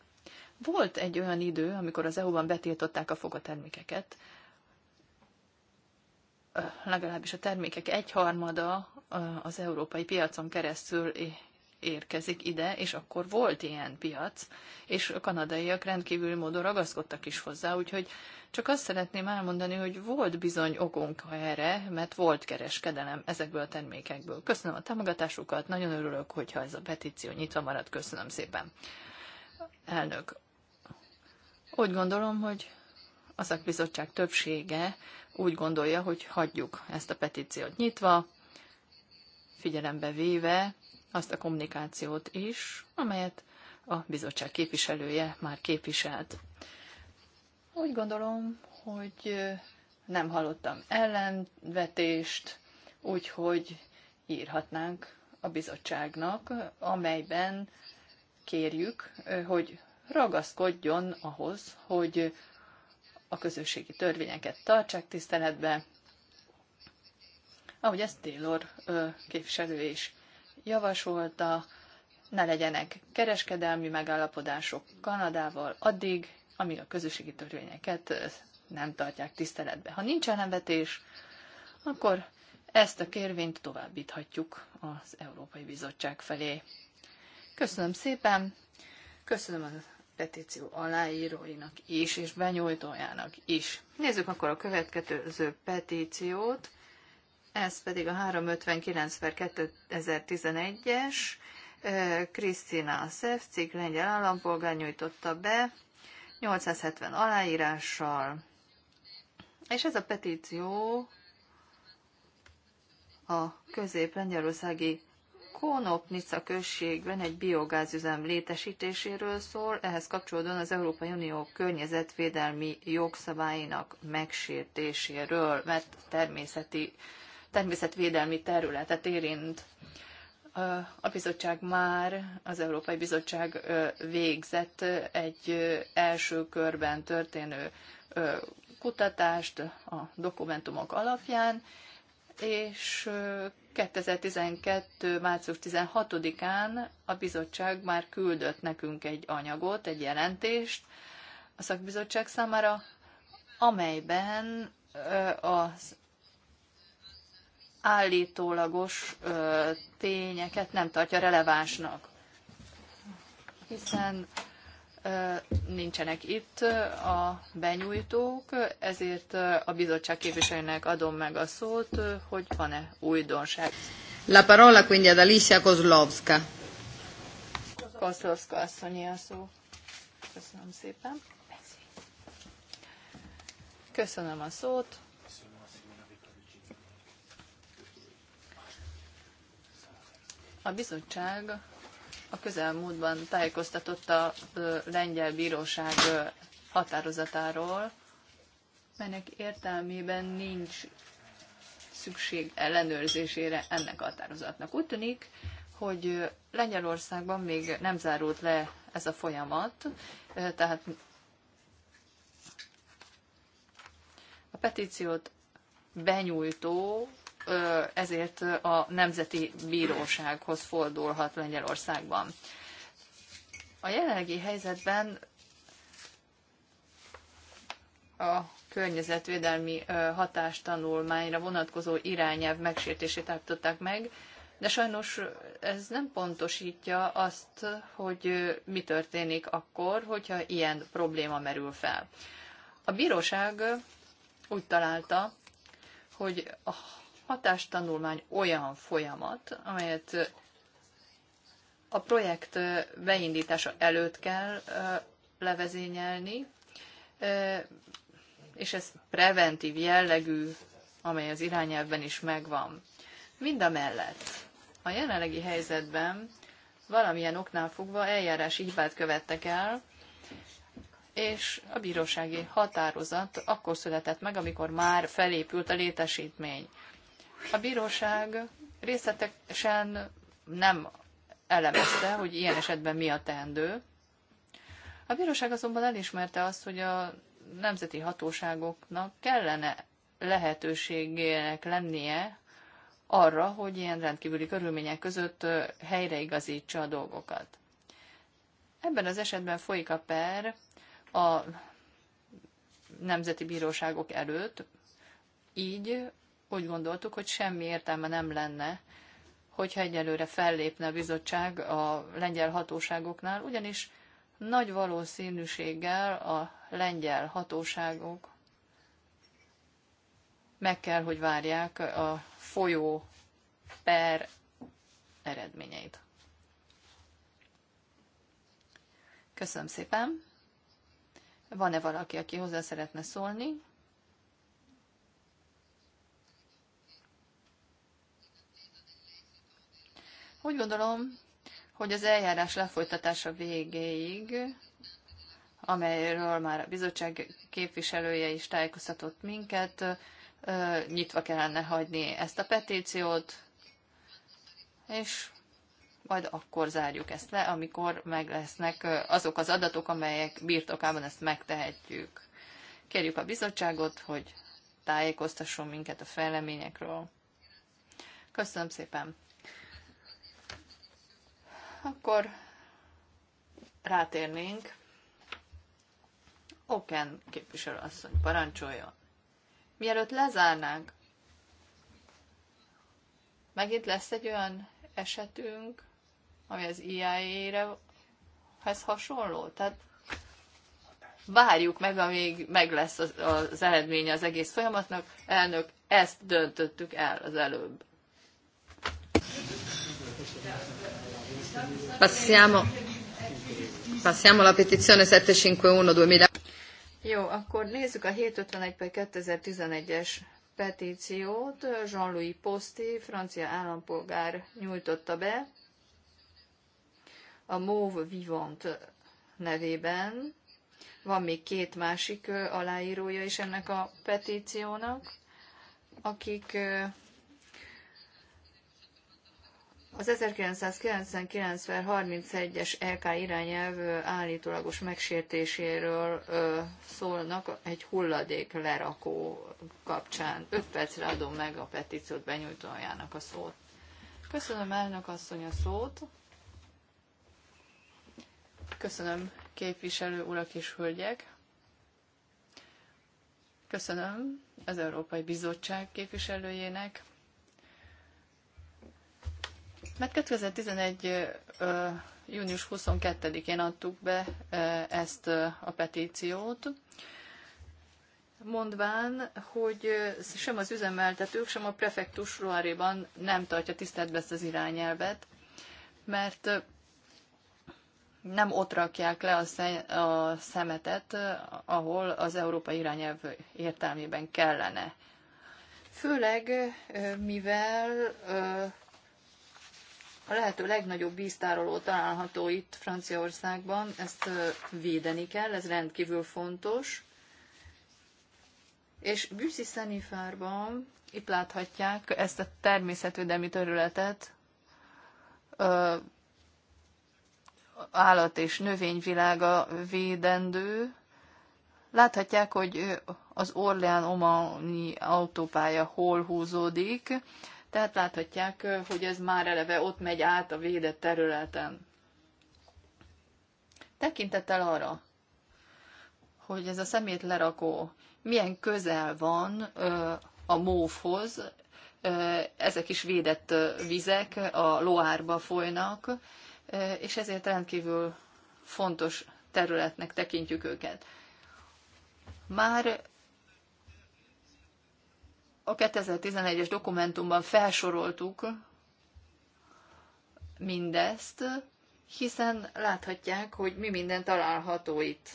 Volt egy olyan idő, amikor az EU-ban betiltották a fogatermékeket, legalábbis a termékek egyharmada az európai piacon keresztül érkezik ide, és akkor volt ilyen piac, és a kanadaiak rendkívül módon ragaszkodtak is hozzá, úgyhogy csak azt szeretném elmondani, hogy volt bizony okunk erre, mert volt kereskedelem ezekből a termékekből. Köszönöm a támogatásukat, nagyon örülök, hogyha ez a petíció nyitva marad. Köszönöm szépen. Elnök, úgy gondolom, hogy a szakbizottság többsége úgy gondolja, hogy hagyjuk ezt a petíciót nyitva, figyelembe véve azt a kommunikációt is, amelyet a bizottság képviselője már képviselt. Úgy gondolom, hogy nem hallottam ellenvetést, úgyhogy írhatnánk a bizottságnak, amelyben kérjük, hogy ragaszkodjon ahhoz, hogy a közösségi törvényeket tartsák tiszteletbe, ahogy ezt Taylor képviselő is javasolta, ne legyenek kereskedelmi megállapodások Kanadával addig, amíg a közösségi törvényeket nem tartják tiszteletbe. Ha nincs ellenvetés, akkor ezt a kérvényt továbbíthatjuk az Európai Bizottság felé. Köszönöm szépen, köszönöm petíció aláíróinak is, és benyújtójának is. Nézzük akkor a következő petíciót, ez pedig a 359 per 2011-es, Krisztina Szevcik, lengyel állampolgár nyújtotta be, 870 aláírással, és ez a petíció a közép-lengyelországi Konopnica községben egy biogázüzem létesítéséről szól, ehhez kapcsolódóan az Európai Unió környezetvédelmi jogszabályainak megsértéséről, mert természeti, természetvédelmi területet érint. A bizottság már, az Európai Bizottság végzett egy első körben történő kutatást a dokumentumok alapján, és 2012. március 16-án a bizottság már küldött nekünk egy anyagot, egy jelentést a szakbizottság számára, amelyben az állítólagos tényeket nem tartja relevánsnak. Hiszen nincsenek itt a benyújtók, ezért a bizottság képviselőnek adom meg a szót, hogy van-e újdonság. La parola quindi ad Alicia Kozlovska. Kozlovska asszonyi a szó. Köszönöm szépen. Köszönöm a szót. A bizottság a közelmúltban tájékoztatott a lengyel bíróság határozatáról, melynek értelmében nincs szükség ellenőrzésére ennek a határozatnak. Úgy tűnik, hogy Lengyelországban még nem zárult le ez a folyamat, tehát a petíciót benyújtó ezért a Nemzeti Bírósághoz fordulhat Lengyelországban. A jelenlegi helyzetben a környezetvédelmi hatástanulmányra vonatkozó irányelv megsértését állították meg, de sajnos ez nem pontosítja azt, hogy mi történik akkor, hogyha ilyen probléma merül fel. A bíróság úgy találta, hogy hatástanulmány olyan folyamat, amelyet a projekt beindítása előtt kell levezényelni, és ez preventív jellegű, amely az irányelvben is megvan. Mind a mellett a jelenlegi helyzetben valamilyen oknál fogva eljárási hibát követtek el, és a bírósági határozat akkor született meg, amikor már felépült a létesítmény. A bíróság részletesen nem elemezte, hogy ilyen esetben mi a teendő. A bíróság azonban elismerte azt, hogy a nemzeti hatóságoknak kellene lehetőségének lennie arra, hogy ilyen rendkívüli körülmények között helyreigazítsa a dolgokat. Ebben az esetben folyik a per a nemzeti bíróságok előtt, így úgy gondoltuk, hogy semmi értelme nem lenne, hogyha egyelőre fellépne a bizottság a lengyel hatóságoknál, ugyanis nagy valószínűséggel a lengyel hatóságok meg kell, hogy várják a folyó per eredményeit. Köszönöm szépen. Van-e valaki, aki hozzá szeretne szólni? Úgy gondolom, hogy az eljárás lefolytatása végéig, amelyről már a bizottság képviselője is tájékoztatott minket, nyitva kellene hagyni ezt a petíciót, és majd akkor zárjuk ezt le, amikor meg lesznek azok az adatok, amelyek birtokában ezt megtehetjük. Kérjük a bizottságot, hogy tájékoztasson minket a fejleményekről. Köszönöm szépen! Akkor rátérnénk. Oken képviselő asszony, parancsoljon. Mielőtt lezárnánk, megint lesz egy olyan esetünk, ami az IAE-hez hasonló. Tehát várjuk meg, amíg meg lesz az, az eredménye az egész folyamatnak. Elnök, ezt döntöttük el az előbb. Passiamo, passiamo alla petizione 751-2000. E Jó, akkor nézzük a 751 per 2011-es petíciót. Jean-Louis Posti, francia állampolgár nyújtotta be a Mauve Vivant nevében. Van még két másik aláírója is ennek a petíciónak, akik az 1999 31-es EK irányelv állítólagos megsértéséről ö, szólnak egy hulladék lerakó kapcsán. öt percre adom meg a petíciót benyújtójának a szót. Köszönöm elnök asszony a szót. Köszönöm képviselő urak és hölgyek. Köszönöm az Európai Bizottság képviselőjének, mert 2011. június 22-én adtuk be ezt a petíciót, mondván, hogy sem az üzemeltetők, sem a prefektus Ruáréban nem tartja tiszteletbe ezt az irányelvet, mert nem ott rakják le a szemetet, ahol az európai irányelv értelmében kellene. Főleg, mivel a lehető legnagyobb víztároló található itt Franciaországban, ezt védeni kell, ez rendkívül fontos. És Büszi Szenifárban itt láthatják ezt a természetvédelmi területet, állat és növényvilága védendő. Láthatják, hogy az Orleán-Omani autópálya hol húzódik. Tehát láthatják, hogy ez már eleve ott megy át a védett területen. Tekintettel arra, hogy ez a szemét lerakó milyen közel van a móvhoz, ezek is védett vizek, a loárba folynak, és ezért rendkívül fontos területnek tekintjük őket. Már a 2011-es dokumentumban felsoroltuk mindezt, hiszen láthatják, hogy mi minden található itt.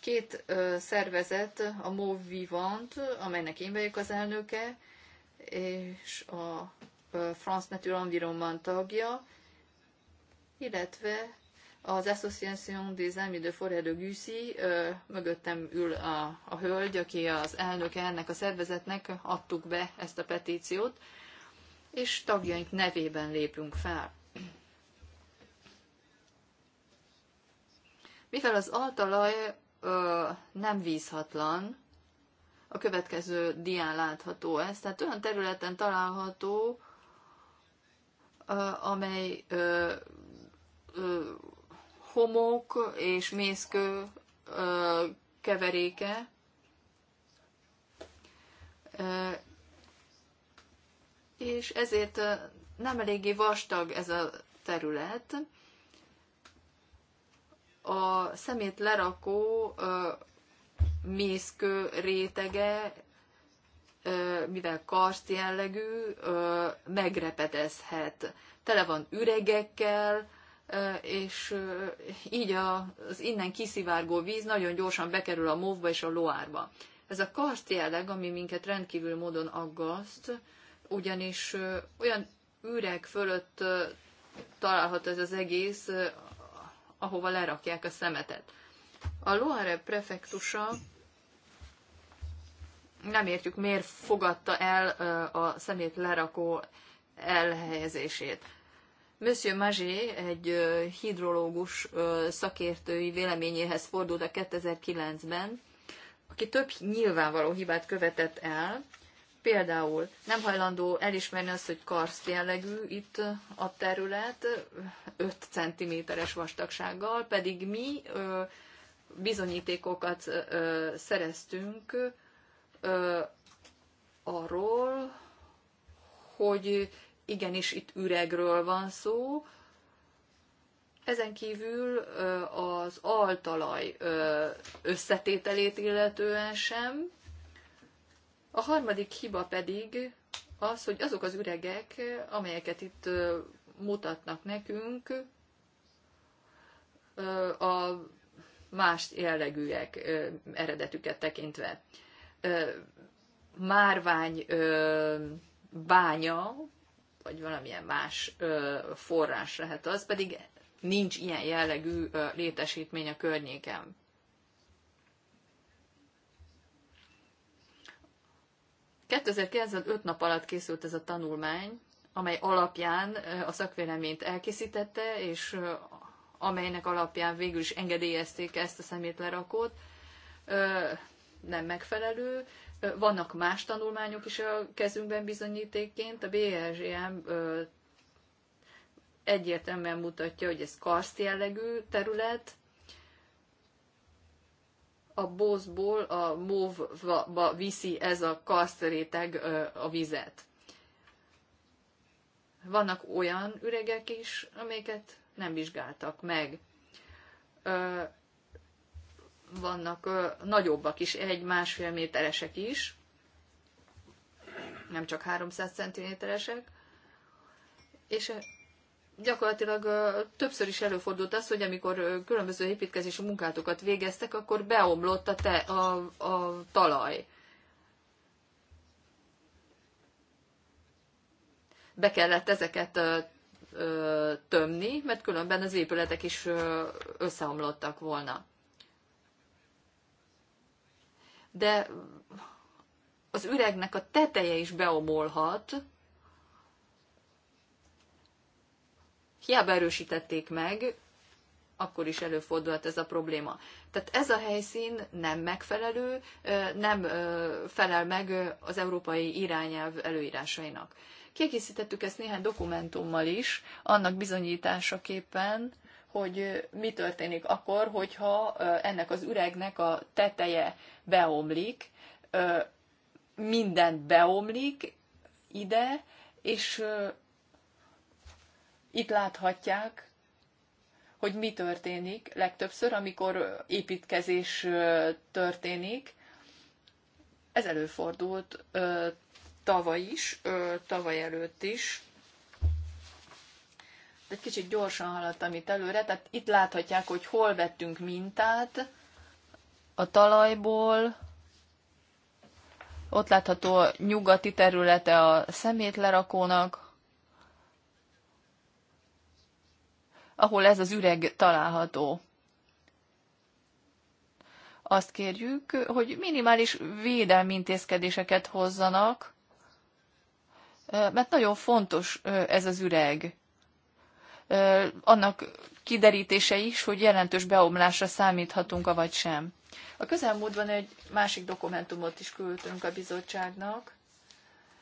Két ö, szervezet, a Movivant, Vivant, amelynek én vagyok az elnöke, és a France Nature Environment tagja, illetve az Association des Amis de Forêt de Gussy, mögöttem ül a, a hölgy, aki az elnöke ennek a szervezetnek, adtuk be ezt a petíciót, és tagjaink nevében lépünk fel. Mivel az altalaj ö, nem vízhatlan, a következő dián látható ez, tehát olyan területen található, ö, amely ö, ö, homok és mészkő keveréke. És ezért nem eléggé vastag ez a terület. A szemét lerakó mészkő rétege, mivel karszt jellegű, megrepedezhet. Tele van üregekkel, és így az innen kiszivárgó víz nagyon gyorsan bekerül a móvba és a loárba. Ez a karszt jelleg, ami minket rendkívül módon aggaszt, ugyanis olyan üreg fölött találhat ez az egész, ahova lerakják a szemetet. A Loire prefektusa nem értjük, miért fogadta el a szemét lerakó elhelyezését. Monsieur Magé egy hidrológus szakértői véleményéhez fordult a 2009-ben, aki több nyilvánvaló hibát követett el, például nem hajlandó elismerni azt, hogy karszt jellegű itt a terület 5 cm-es vastagsággal, pedig mi bizonyítékokat szereztünk arról, hogy igenis itt üregről van szó. Ezen kívül az altalaj összetételét illetően sem. A harmadik hiba pedig az, hogy azok az üregek, amelyeket itt mutatnak nekünk, a más jellegűek eredetüket tekintve. Márvány bánya vagy valamilyen más forrás lehet az, pedig nincs ilyen jellegű létesítmény a környéken. öt nap alatt készült ez a tanulmány, amely alapján a szakvéleményt elkészítette, és amelynek alapján végül is engedélyezték ezt a szemétlerakót, nem megfelelő, vannak más tanulmányok is a kezünkben bizonyítékként. A BRGM egyértelműen mutatja, hogy ez karszt jellegű terület, a bózból a móvba viszi ez a réteg a vizet. Vannak olyan üregek is, amelyeket nem vizsgáltak meg vannak nagyobbak is, egy-másfél méteresek is, nem csak 300 centiméteresek, és gyakorlatilag többször is előfordult az, hogy amikor különböző építkezési munkátokat végeztek, akkor beomlott a, te, a, a talaj. Be kellett ezeket tömni, mert különben az épületek is összeomlottak volna de az üregnek a teteje is beomolhat, hiába erősítették meg, akkor is előfordulhat ez a probléma. Tehát ez a helyszín nem megfelelő, nem felel meg az európai irányelv előírásainak. Kiegészítettük ezt néhány dokumentummal is, annak bizonyításaképpen, hogy mi történik akkor, hogyha ennek az üregnek a teteje beomlik, mindent beomlik ide, és itt láthatják, hogy mi történik legtöbbször, amikor építkezés történik. Ez előfordult tavaly is, tavaly előtt is. De egy kicsit gyorsan haladtam itt előre, tehát itt láthatják, hogy hol vettünk mintát, a talajból, ott látható a nyugati területe a szemétlerakónak, ahol ez az üreg található. Azt kérjük, hogy minimális védelmi intézkedéseket hozzanak, mert nagyon fontos ez az üreg. Annak kiderítése is, hogy jelentős beomlásra számíthatunk, avagy sem. A közelmúltban egy másik dokumentumot is küldtünk a bizottságnak.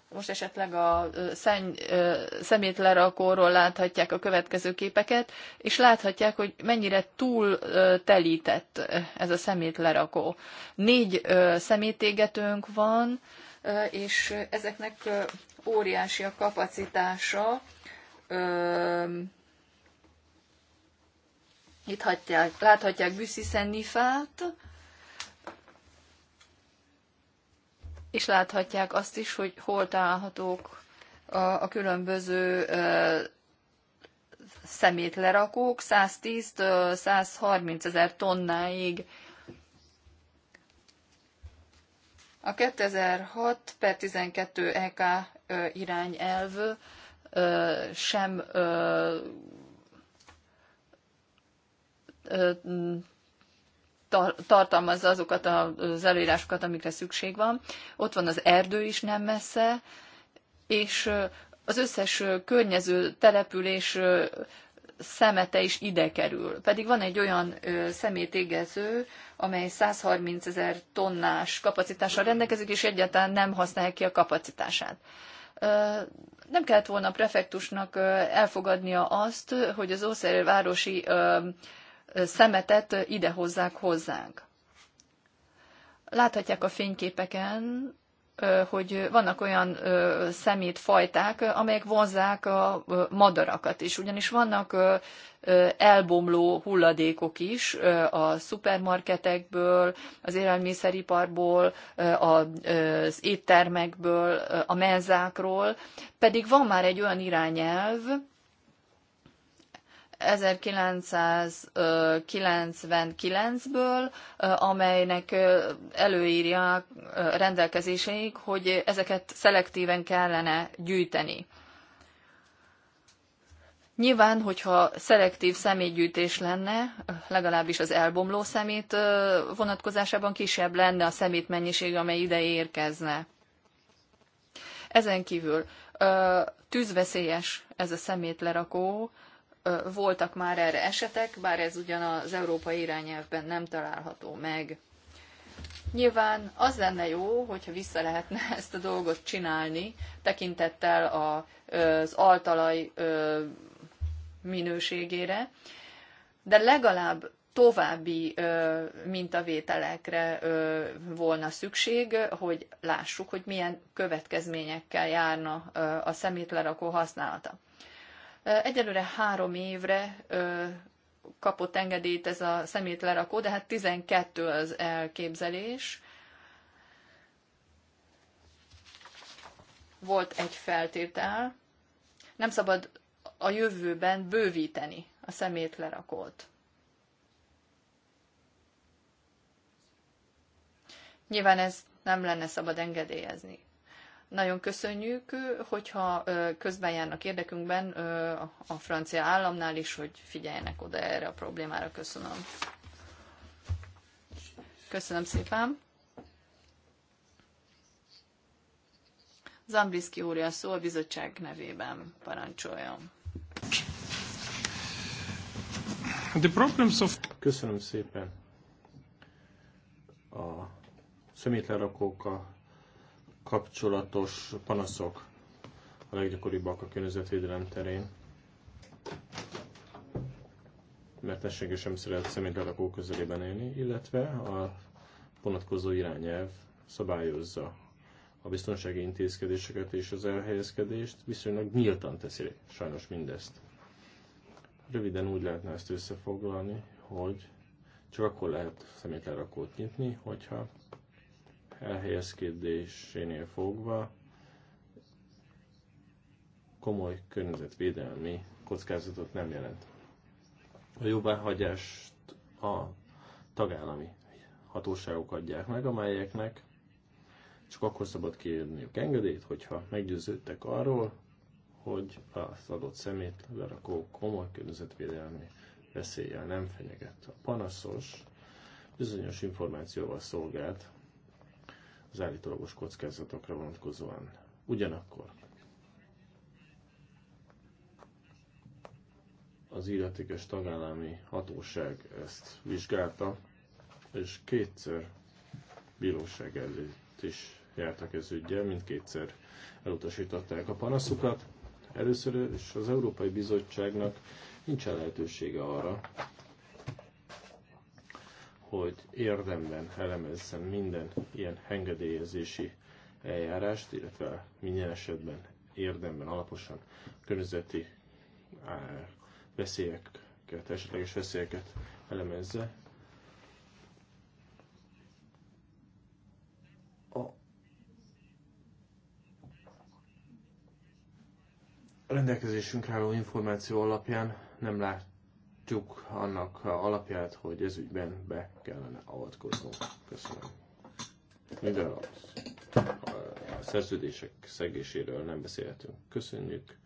Most esetleg a szenny, szemétlerakóról láthatják a következő képeket, és láthatják, hogy mennyire túl telített ez a szemétlerakó. Négy szemétégetőnk van, és ezeknek óriási a kapacitása. Itt hatják, láthatják Büsszi és láthatják azt is, hogy hol találhatók a, a különböző szemétlerakók 110-130 ezer tonnáig. A 2006 per 12 EK irányelv sem tartalmazza azokat az előírásokat, amikre szükség van. Ott van az erdő is nem messze, és az összes környező település szemete is ide kerül. Pedig van egy olyan szemétégező, amely 130 ezer tonnás kapacitással rendelkezik, és egyáltalán nem használja ki a kapacitását. Nem kellett volna a prefektusnak elfogadnia azt, hogy az Ószerű városi szemetet ide hozzák hozzánk. Láthatják a fényképeken, hogy vannak olyan szemétfajták, amelyek vonzák a madarakat is, ugyanis vannak elbomló hulladékok is a szupermarketekből, az élelmiszeriparból, az éttermekből, a menzákról, pedig van már egy olyan irányelv, 1999-ből, amelynek előírja rendelkezéseik, hogy ezeket szelektíven kellene gyűjteni. Nyilván, hogyha szelektív szemétgyűjtés lenne, legalábbis az elbomló szemét vonatkozásában kisebb lenne a szemét mennyisége, amely ide érkezne. Ezen kívül tűzveszélyes ez a szemétlerakó, lerakó, voltak már erre esetek, bár ez ugyan az európai irányelvben nem található meg. Nyilván az lenne jó, hogyha vissza lehetne ezt a dolgot csinálni, tekintettel az altalaj minőségére, de legalább további mintavételekre volna szükség, hogy lássuk, hogy milyen következményekkel járna a szemétlerakó használata. Egyelőre három évre kapott engedélyt ez a szemét lerakó, de hát 12 az elképzelés. Volt egy feltétel, nem szabad a jövőben bővíteni a szemét lerakót. Nyilván ez nem lenne szabad engedélyezni. Nagyon köszönjük, hogyha közben járnak érdekünkben a francia államnál is, hogy figyeljenek oda erre a problémára. Köszönöm. Köszönöm szépen. Zambriszki úr a szó a bizottság nevében parancsoljon. The problems of... Köszönöm szépen. A szemétlerakók a kapcsolatos panaszok a leggyakoribbak a környezetvédelem terén. Mert senki sem szeret szemétlerakó közelében élni, illetve a vonatkozó irányelv szabályozza a biztonsági intézkedéseket és az elhelyezkedést, viszonylag nyíltan teszi sajnos mindezt. Röviden úgy lehetne ezt összefoglalni, hogy csak akkor lehet szemétlerakót nyitni, hogyha elhelyezkedésénél fogva komoly környezetvédelmi kockázatot nem jelent. A jóváhagyást a tagállami hatóságok adják meg, amelyeknek csak akkor szabad kérniük engedélyt, hogyha meggyőződtek arról, hogy az adott szemét lerakó komoly környezetvédelmi veszéllyel nem fenyeget. A panaszos bizonyos információval szolgált az állítólagos kockázatokra vonatkozóan. Ugyanakkor az illetékes tagállami hatóság ezt vizsgálta, és kétszer bíróság előtt is jártak ez ügyel, mindkétszer elutasították a panaszukat. Először is az Európai Bizottságnak nincs lehetősége arra, hogy érdemben elemezzem minden ilyen engedélyezési eljárást, illetve minden esetben érdemben alaposan környezeti veszélyeket, esetleges veszélyeket elemezze. A rendelkezésünkre álló információ alapján nem lát látjuk annak alapját, hogy ez ügyben be kellene avatkoznunk. Köszönöm. Mivel a, szerződések szegéséről nem beszélhetünk. Köszönjük.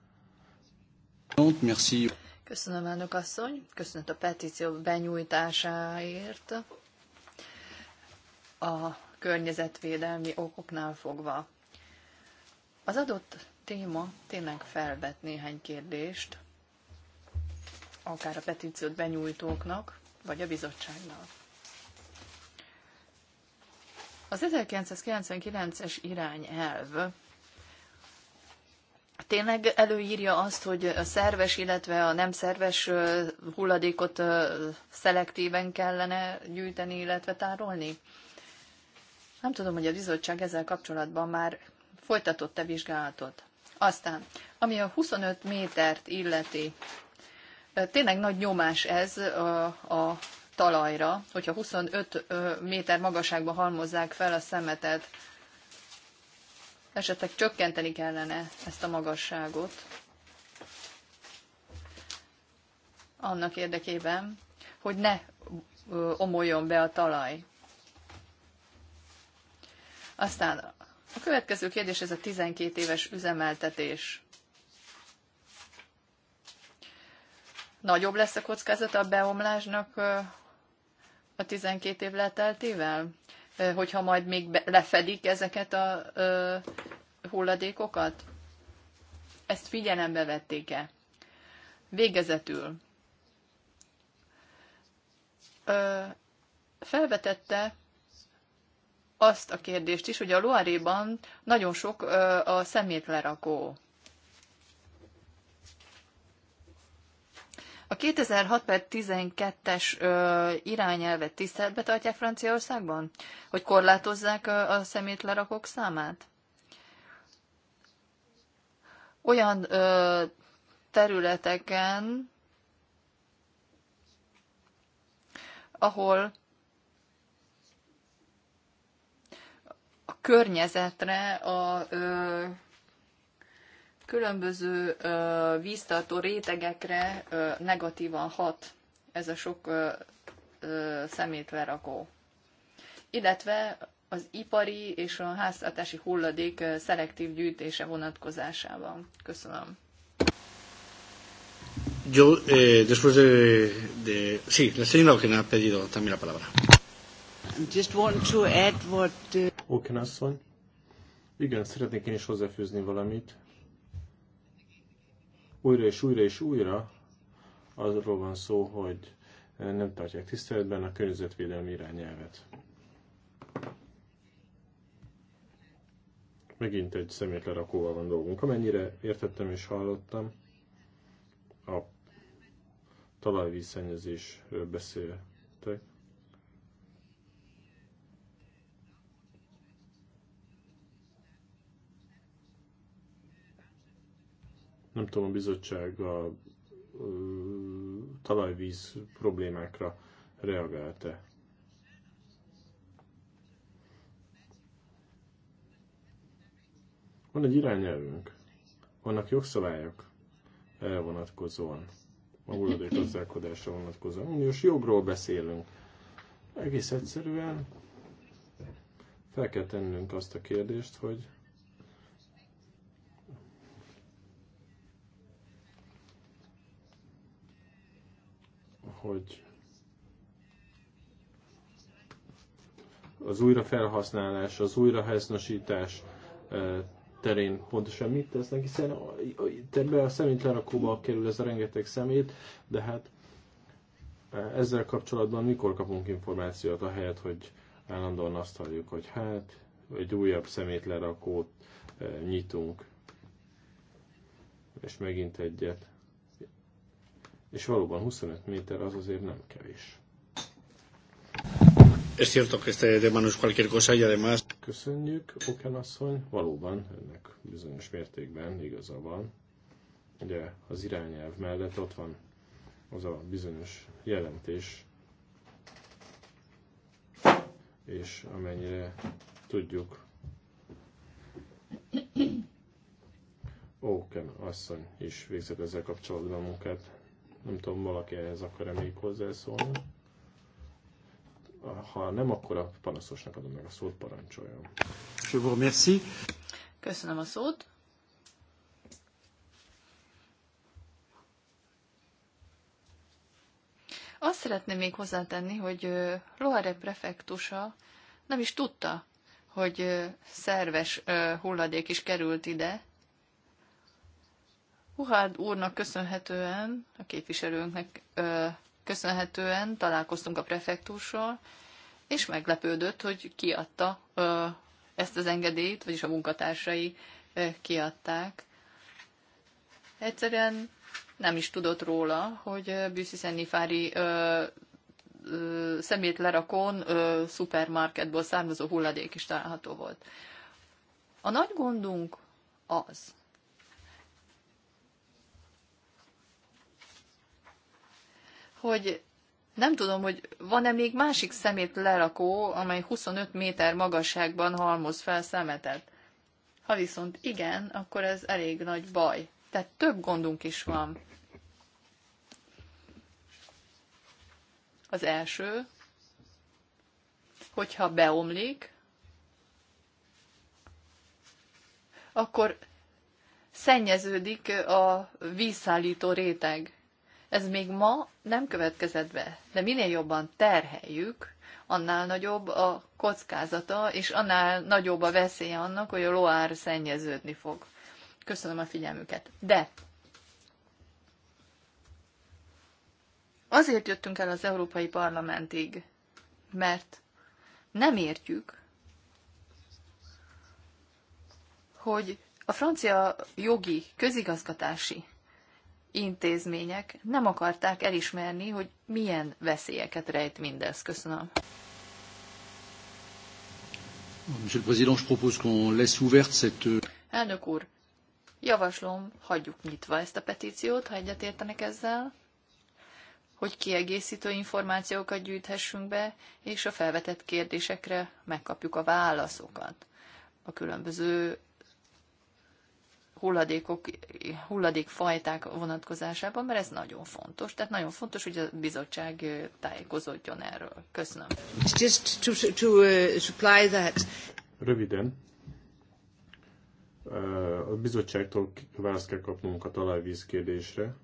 Köszönöm, elnök asszony. Köszönöm a petíció benyújtásáért. A környezetvédelmi okoknál fogva. Az adott téma tényleg felvet néhány kérdést, akár a petíciót benyújtóknak, vagy a bizottságnak. Az 1999-es irányelv tényleg előírja azt, hogy a szerves, illetve a nem szerves hulladékot szelektíven kellene gyűjteni, illetve tárolni? Nem tudom, hogy a bizottság ezzel kapcsolatban már folytatott-e vizsgálatot. Aztán, ami a 25 métert illeti, Tényleg nagy nyomás ez a, a talajra, hogyha 25 méter magasságban halmozzák fel a szemetet, esetleg csökkenteni kellene ezt a magasságot annak érdekében, hogy ne omoljon be a talaj. Aztán a következő kérdés, ez a 12 éves üzemeltetés. Nagyobb lesz a kockázat a beomlásnak a 12 év leteltével? Hogyha majd még lefedik ezeket a hulladékokat? Ezt figyelembe vették-e? Végezetül. felvetette azt a kérdést is, hogy a Loaréban nagyon sok a szemétlerakó. A 2006 per 12-es irányelvet tiszteletbe tartják Franciaországban? Hogy korlátozzák a szemétlerakók számát? Olyan ö, területeken, ahol a környezetre, a ö, különböző víztartó rétegekre negatívan hat ez a sok szemétlerakó. Illetve az ipari és a háztartási hulladék szelektív gyűjtése vonatkozásában. Köszönöm. Yo, eh, después de, de... Sí, la señora Oken ha pedido también la palabra. Just want to add what... Uh, Oken asszony? Igen, szeretnék én is hozzáfűzni valamit újra és újra és újra arról van szó, hogy nem tartják tiszteletben a környezetvédelmi irányelvet. Megint egy szemétlerakóval van dolgunk. Amennyire értettem és hallottam, a talajvízszennyezésről beszél nem tudom, a bizottság a talajvíz problémákra reagálta. e Van egy irányelvünk, vannak jogszabályok erre vonatkozóan, a hulladékgazdálkodásra vonatkozóan. Uniós jogról beszélünk. Egész egyszerűen fel kell tennünk azt a kérdést, hogy hogy az újrafelhasználás, az újrahasznosítás eh, terén pontosan mit tesznek, hiszen ebbe a szemétlerakóba kerül ez a rengeteg szemét, de hát eh, ezzel kapcsolatban mikor kapunk információt, a helyet, hogy állandóan azt halljuk, hogy hát egy újabb szemétlerakót eh, nyitunk, és megint egyet és valóban 25 méter az azért nem kevés. Es cierto que este de manos cualquier cosa y además... Köszönjük, Oken asszony, valóban ennek bizonyos mértékben igaza van. Ugye az irányelv mellett ott van az a bizonyos jelentés, és amennyire tudjuk, Oken asszony is végzett ezzel kapcsolatban a munkát. Nem tudom, valaki ehhez akar-e még hozzászólni. Ha nem, akkor a panaszosnak adom meg a szót, parancsoljon. Köszönöm a szót. Azt szeretném még hozzátenni, hogy Loire prefektusa nem is tudta, hogy szerves hulladék is került ide, Huhád úrnak köszönhetően, a képviselőnknek köszönhetően találkoztunk a prefektussal, és meglepődött, hogy kiadta ezt az engedélyt, vagyis a munkatársai kiadták. Egyszerűen nem is tudott róla, hogy Bűszi Szennifári szemétlerakón lerakón szupermarketból származó hulladék is található volt. A nagy gondunk az, hogy nem tudom, hogy van-e még másik szemét lerakó, amely 25 méter magasságban halmoz fel szemetet. Ha viszont igen, akkor ez elég nagy baj. Tehát több gondunk is van. Az első, hogyha beomlik, akkor szennyeződik a vízszállító réteg. Ez még ma nem következett be, de minél jobban terheljük, annál nagyobb a kockázata, és annál nagyobb a veszélye annak, hogy a loár szennyeződni fog. Köszönöm a figyelmüket. De azért jöttünk el az Európai Parlamentig, mert nem értjük, hogy a francia jogi, közigazgatási intézmények nem akarták elismerni, hogy milyen veszélyeket rejt mindez. Köszönöm. Monsieur le Président, je propose qu'on laisse ouverte cette... Euh, Elnök úr, javaslom, hagyjuk nyitva ezt a petíciót, ha egyetértenek ezzel, hogy kiegészítő információkat gyűjthessünk be, és a felvetett kérdésekre megkapjuk a válaszokat a különböző hulladékok, hulladékfajták vonatkozásában, mert ez nagyon fontos. Tehát nagyon fontos, hogy a bizottság tájékozódjon erről. Köszönöm. Just to, to uh, supply that. Röviden. Uh, a bizottságtól választ kell kapnunk a talajvíz kérdésre,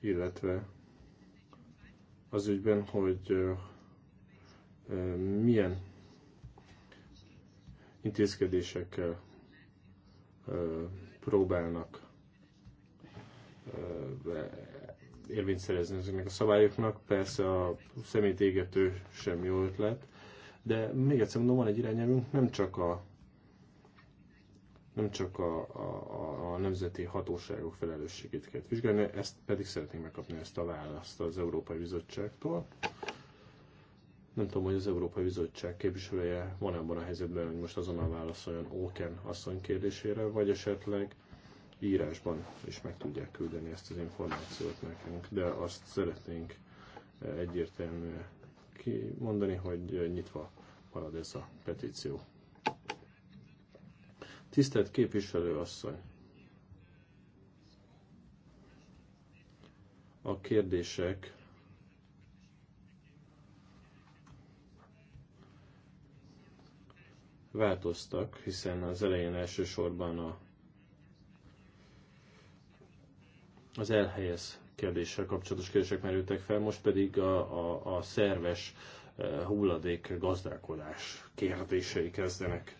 illetve az ügyben, hogy uh, milyen intézkedésekkel próbálnak érvényt szerezni ezeknek a szabályoknak. Persze a szemét égető sem jó ötlet, de még egyszer mondom, van egy irányelvünk, nem csak a nem csak a, a, a nemzeti hatóságok felelősségét kell vizsgálni, ezt pedig szeretnénk megkapni ezt a választ az Európai Bizottságtól. Nem tudom, hogy az Európai Bizottság képviselője van abban a helyzetben, hogy most azonnal válaszoljon Óken asszony kérdésére, vagy esetleg írásban is meg tudják küldeni ezt az információt nekünk, de azt szeretnénk eh, egyértelműen kimondani, hogy eh, nyitva marad ez a petíció. Tisztelt képviselő asszony! A kérdések változtak, hiszen az elején elsősorban a, az elhelyez kérdéssel kapcsolatos kérdések merültek fel, most pedig a, a, a szerves eh, hulladék gazdálkodás kérdései kezdenek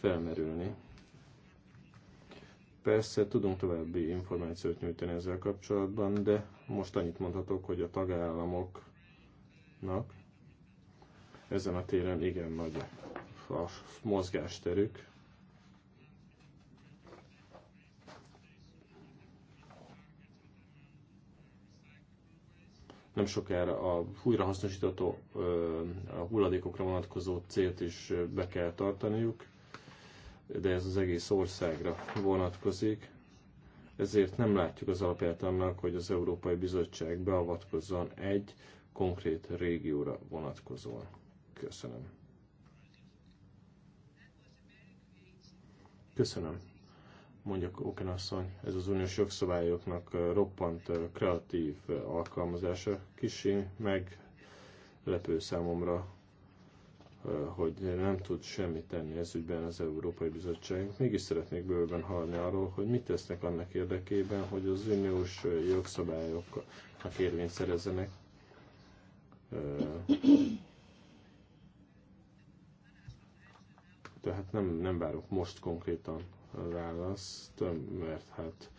felmerülni. Persze tudunk további információt nyújtani ezzel kapcsolatban, de most annyit mondhatok, hogy a tagállamoknak ezen a téren igen nagy a mozgásterük. Nem sokára a újrahasznosítható a hulladékokra vonatkozó célt is be kell tartaniuk, de ez az egész országra vonatkozik ezért nem látjuk az alapját annak, hogy az Európai Bizottság beavatkozzon egy konkrét régióra vonatkozóan. Köszönöm. Köszönöm, mondja Oken asszony. Ez az uniós jogszabályoknak roppant kreatív alkalmazása. meg lepő számomra, hogy nem tud semmit tenni ez ügyben az Európai Bizottság. Mégis szeretnék bőven hallani arról, hogy mit tesznek annak érdekében, hogy az uniós jogszabályoknak érvényt szerezzenek Tehát nem, nem várok most konkrétan választ, mert hát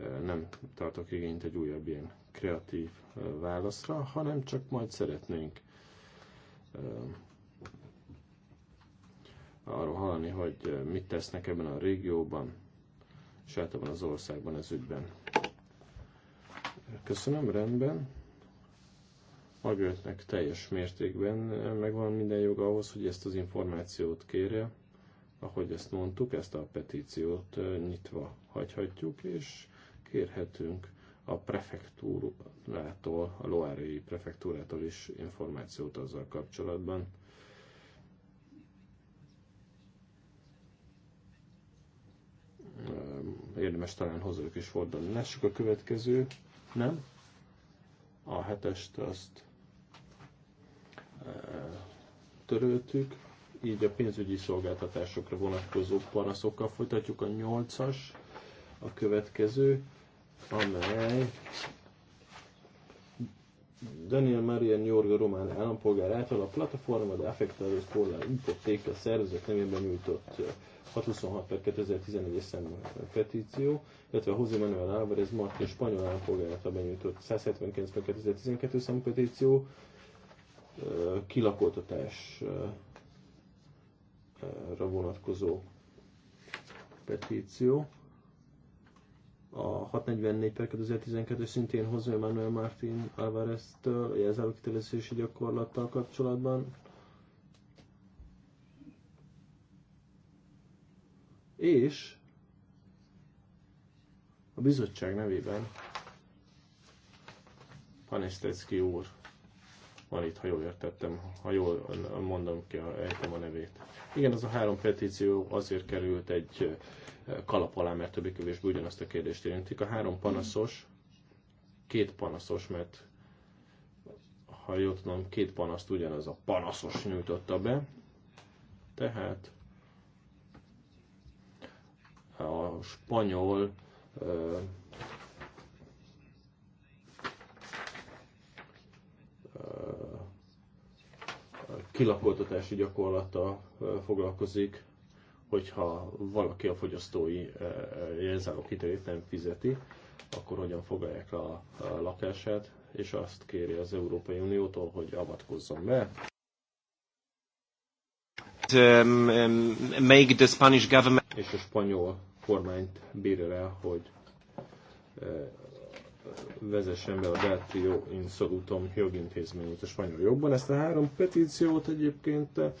e, nem tartok igényt egy újabb ilyen kreatív e, válaszra, hanem csak majd szeretnénk e, arról hallani, hogy mit tesznek ebben a régióban, és általában az országban ez ügyben. Köszönöm, rendben. Margaretnek teljes mértékben megvan minden joga ahhoz, hogy ezt az információt kérje. Ahogy ezt mondtuk, ezt a petíciót nyitva hagyhatjuk, és kérhetünk a prefektúrától, a Loárai prefektúrától is információt azzal kapcsolatban. Érdemes talán hozzájuk is fordulni. Lássuk a következő, nem? A hetest azt töröltük, így a pénzügyi szolgáltatásokra vonatkozó panaszokkal folytatjuk. A 8-as a következő, amely Daniel Marian Jorga román állampolgár által a Plataforma de Affectados por ütötték a szervezet nevében nyújtott 626 eh, per 2011-es számú petíció, illetve José Manuel Álvarez Martin spanyol állampolgár által benyújtott 179 per 2012 számú petíció kilakoltatásra vonatkozó petíció. A 644 per 2012 szintén hozzá Manuel Martín alvarez től a jelzáló kitelezési gyakorlattal kapcsolatban. És a bizottság nevében Panestecki úr van itt, ha jól értettem, ha jól mondom ki, a, a nevét. Igen, az a három petíció azért került egy kalap alá, mert többé kevésbé ugyanazt a kérdést érintik. A három panaszos, két panaszos, mert ha jól tudom, két panaszt ugyanaz a panaszos nyújtotta be, tehát a spanyol kilakoltatási gyakorlata foglalkozik, hogyha valaki a fogyasztói jelzálókitevét nem fizeti, akkor hogyan foglalják a lakását, és azt kéri az Európai Uniótól, hogy avatkozzon be. Um, um, make the Spanish government... És a spanyol kormányt bírja rá, hogy vezessen be a Datio Insolutum jogintézményét a spanyol jogban. Ezt a három petíciót egyébként eh,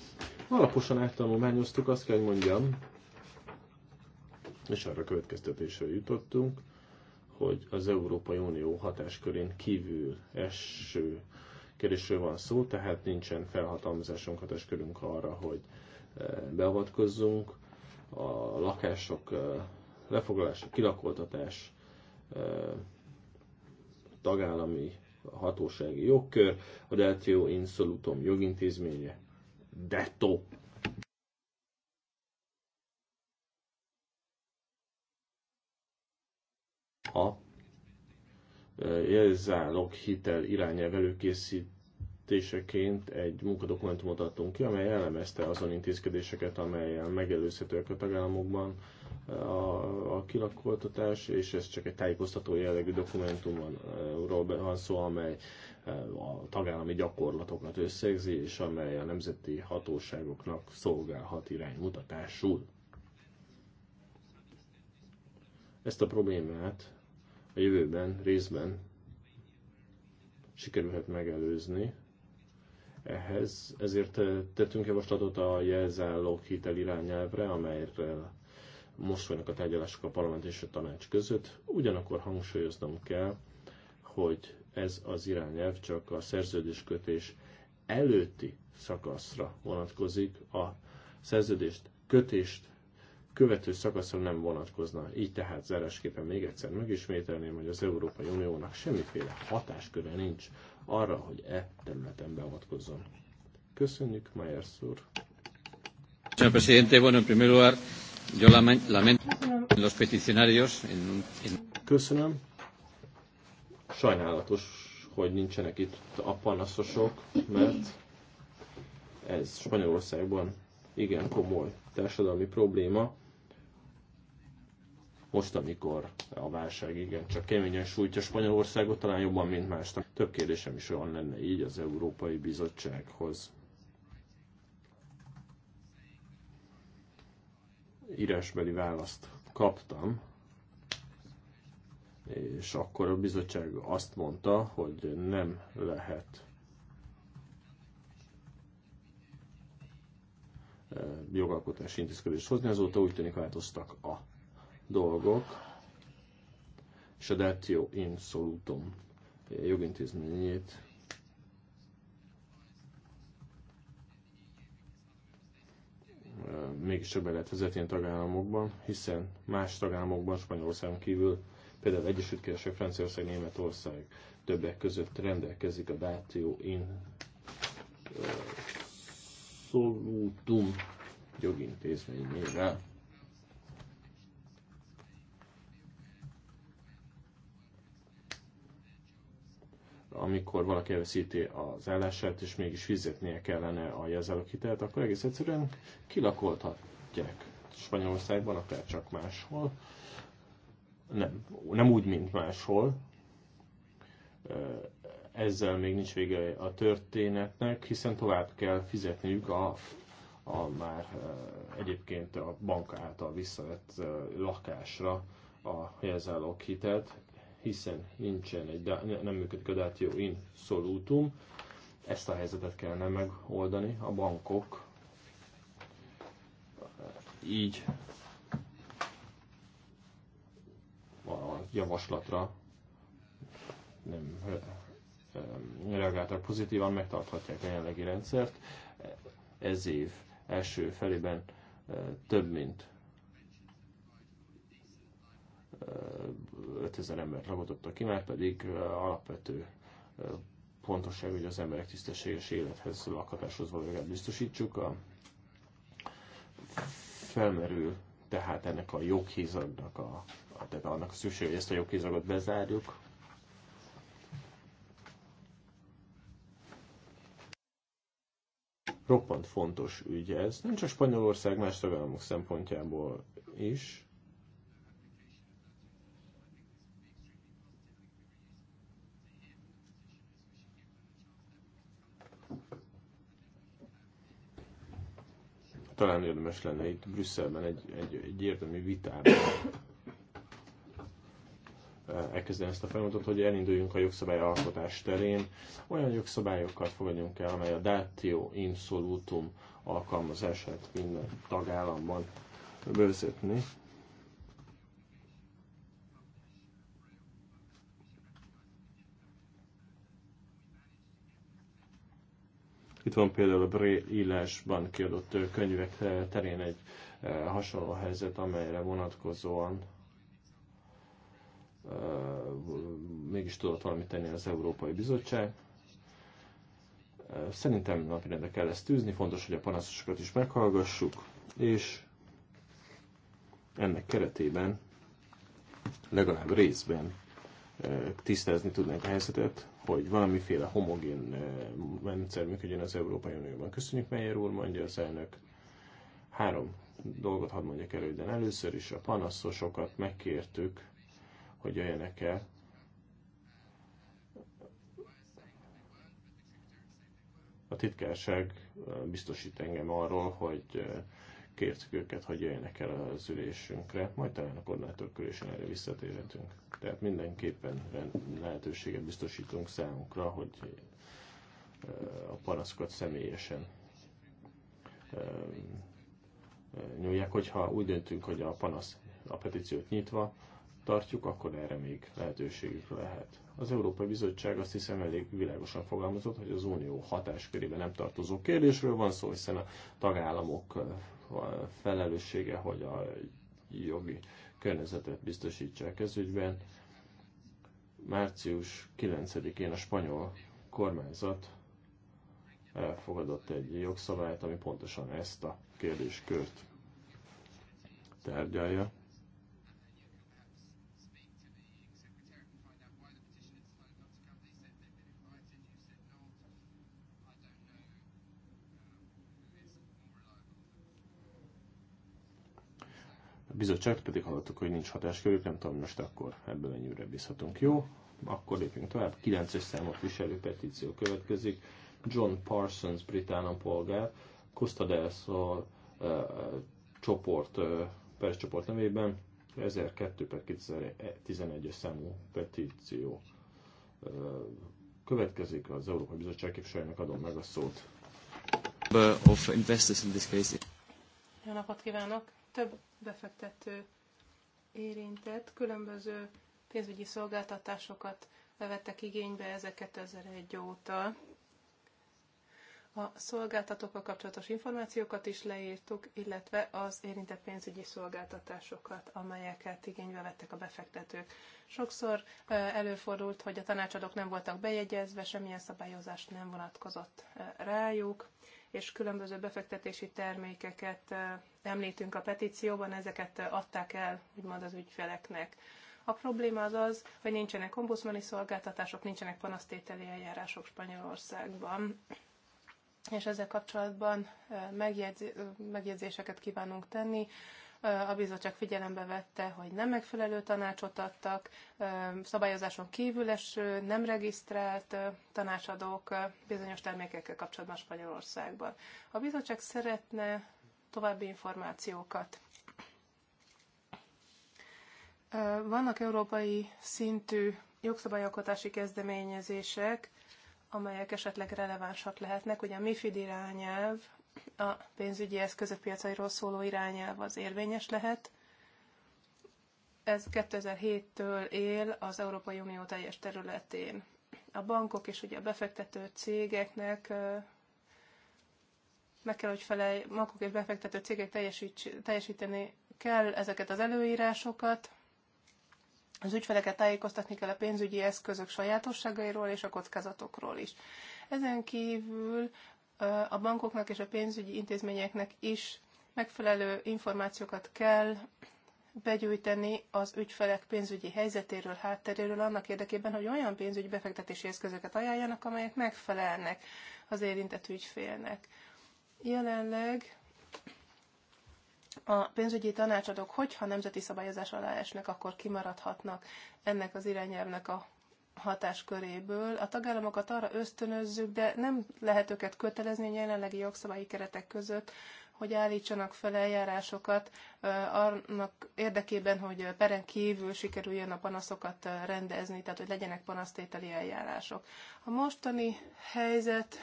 alaposan áttanulmányoztuk, azt kell, hogy mondjam, és arra következtetésre jutottunk, hogy az Európai Unió hatáskörén kívül eső kérdésről van szó, tehát nincsen felhatalmazásunk, hatáskörünk arra, hogy eh, beavatkozzunk. A lakások eh, lefoglalása, kilakoltatás tagállami hatósági jogkör, a Deltio Insolutum jogintézménye, DETO. A e, jelzálog hitel irányelv előkészítéseként egy munkadokumentumot adtunk ki, amely jellemezte azon intézkedéseket, amelyel megelőzhetőek a tagállamokban a, a kilakoltatás, és ez csak egy tájékoztató jellegű dokumentumról van szó, amely e, a tagállami gyakorlatokat összegzi, és amely a nemzeti hatóságoknak szolgálhat iránymutatásul. Ezt a problémát a jövőben részben sikerülhet megelőzni, ehhez. Ezért e, tettünk javaslatot a jelzállók hitel irányelvre, amelyről most vannak a tárgyalások a parlament és a tanács között. Ugyanakkor hangsúlyoznom kell, hogy ez az irányelv csak a szerződéskötés előtti szakaszra vonatkozik, a szerződést kötést követő szakaszra nem vonatkozna. Így tehát zárásképpen még egyszer megismételném, hogy az Európai Uniónak semmiféle hatásköre nincs arra, hogy e területen beavatkozzon. Köszönjük, Mayer úr! Köszönöm, presidente, bueno, Köszönöm. Sajnálatos, hogy nincsenek itt a panaszosok, mert ez Spanyolországban igen komoly társadalmi probléma. Most, amikor a válság igen csak keményen sújtja Spanyolországot, talán jobban, mint más. Több kérdésem is olyan lenne így az Európai Bizottsághoz. írásbeli választ kaptam, és akkor a bizottság azt mondta, hogy nem lehet eh, jogalkotási intézkedést hozni, azóta úgy tűnik változtak a dolgok, és a Datio Insolutum jogintézményét mégiscsak be lehet vezetni a tagállamokban, hiszen más tagállamokban, Spanyolországon kívül, például Egyesült Királyság, Franciaország, Németország többek között rendelkezik a Datio in Solutum jogintézményével. amikor valaki elveszíti az állását, és mégis fizetnie kellene a jelzálóghitelt, akkor egész egyszerűen kilakoltatják Spanyolországban, akár csak máshol. Nem, nem úgy, mint máshol. Ezzel még nincs vége a történetnek, hiszen tovább kell fizetniük a, a már egyébként a bank által visszavett lakásra a jelzálóghitelt, hiszen nincsen egy, nem működik a datio in solutum. Ezt a helyzetet kellene megoldani a bankok. Eh, így a javaslatra nem eh, eh, reagáltak pozitívan, megtarthatják a jelenlegi rendszert. Ez év első felében több mint 5000 embert ragadottak ki, mert pedig alapvető pontosság, hogy az emberek tisztességes élethez, lakhatáshoz való jogát biztosítsuk. A felmerül tehát ennek a joghézagnak a, tehát annak a szükség, hogy ezt a joghézagot bezárjuk, roppant fontos ügy ez, nem csak Spanyolország, más tagállamok szempontjából is. talán érdemes lenne itt Brüsszelben egy, egy, egy érdemi vitában eh, elkezdeni ezt a folyamatot, hogy elinduljunk a jogszabály alkotás terén. Olyan jogszabályokat fogadjunk el, amely a datio insolutum alkalmazását minden tagállamban bevezetni. Itt van például a Braille írásban kiadott könyvek terén egy hasonló helyzet, amelyre vonatkozóan mégis tudott valamit tenni az Európai Bizottság. Szerintem napirendre kell ezt tűzni, fontos, hogy a panaszosokat is meghallgassuk, és ennek keretében legalább részben tisztázni tudnánk a helyzetet, hogy valamiféle homogén rendszer működjön az Európai Unióban. Köszönjük, Meyer úr, mondja az elnök. Három dolgot hadd mondjak elő, de először is a panaszosokat megkértük, hogy jöjjenek el. A titkárság biztosít engem arról, hogy kértük őket, hogy jöjjenek el az ülésünkre, majd talán a koordinátor körülésen erre visszatérhetünk. Tehát mindenképpen lehetőséget biztosítunk számunkra, hogy eh, a panaszokat személyesen eh, nyúlják, hogyha úgy döntünk, hogy a panasz a petíciót nyitva tartjuk, akkor erre még lehetőségük lehet. Az Európai Bizottság azt hiszem elég világosan fogalmazott, hogy az unió hatáskörében nem tartozó kérdésről van szó, hiszen a tagállamok eh, felelőssége, hogy a jogi környezetet biztosítsa ez kezügyben. Március 9-én a spanyol kormányzat elfogadott egy jogszabályt, ami pontosan ezt a kérdéskört tárgyalja. A bizottság pedig hallottuk, hogy nincs hatáskörük, nem tudom most akkor ebből mennyire bízhatunk. Jó, akkor lépjünk tovább. 9-es számot viselő petíció következik. John Parsons, brit állampolgár, Costa del Sol uh, csoport, csoport, e, csoport nevében 1002 per 2011-es számú petíció uh, következik. Az Európai Bizottság képviselőnek adom meg a szót. Of investors in this case. Jó napot kívánok! több befektető érintett, különböző pénzügyi szolgáltatásokat vettek igénybe ezek 2001 óta. A szolgáltatókkal kapcsolatos információkat is leírtuk, illetve az érintett pénzügyi szolgáltatásokat, amelyeket igénybe vettek a befektetők. Sokszor előfordult, hogy a tanácsadók nem voltak bejegyezve, semmilyen szabályozás nem vonatkozott rájuk, és különböző befektetési termékeket említünk a petícióban, ezeket adták el úgymond az ügyfeleknek. A probléma az az, hogy nincsenek ombudsmani szolgáltatások, nincsenek panasztételi eljárások Spanyolországban. És ezzel kapcsolatban megjegyzéseket kívánunk tenni. A bizottság figyelembe vette, hogy nem megfelelő tanácsot adtak, szabályozáson eső, nem regisztrált tanácsadók bizonyos termékekkel kapcsolatban Spanyolországban. A bizottság szeretne további információkat. Vannak európai szintű jogszabályalkotási kezdeményezések, amelyek esetleg relevánsak lehetnek. Ugye a MIFID irányelv a pénzügyi eszközök piacairól szóló irányelv az érvényes lehet. Ez 2007-től él az Európai Unió teljes területén. A bankok és ugye a befektető cégeknek meg kell, hogy felej, bankok és befektető cégek teljesíteni kell ezeket az előírásokat, az ügyfeleket tájékoztatni kell a pénzügyi eszközök sajátosságairól és a kockázatokról is. Ezen kívül a bankoknak és a pénzügyi intézményeknek is megfelelő információkat kell begyűjteni az ügyfelek pénzügyi helyzetéről, hátteréről annak érdekében, hogy olyan pénzügyi befektetési eszközöket ajánljanak, amelyek megfelelnek az érintett ügyfélnek. Jelenleg a pénzügyi tanácsadók, hogyha nemzeti szabályozás alá esnek, akkor kimaradhatnak ennek az irányelvnek a hatásköréből. A tagállamokat arra ösztönözzük, de nem lehet őket kötelezni a jelenlegi jogszabályi keretek között, hogy állítsanak fel eljárásokat annak érdekében, hogy peren kívül sikerüljön a panaszokat rendezni, tehát hogy legyenek panasztételi eljárások. A mostani helyzet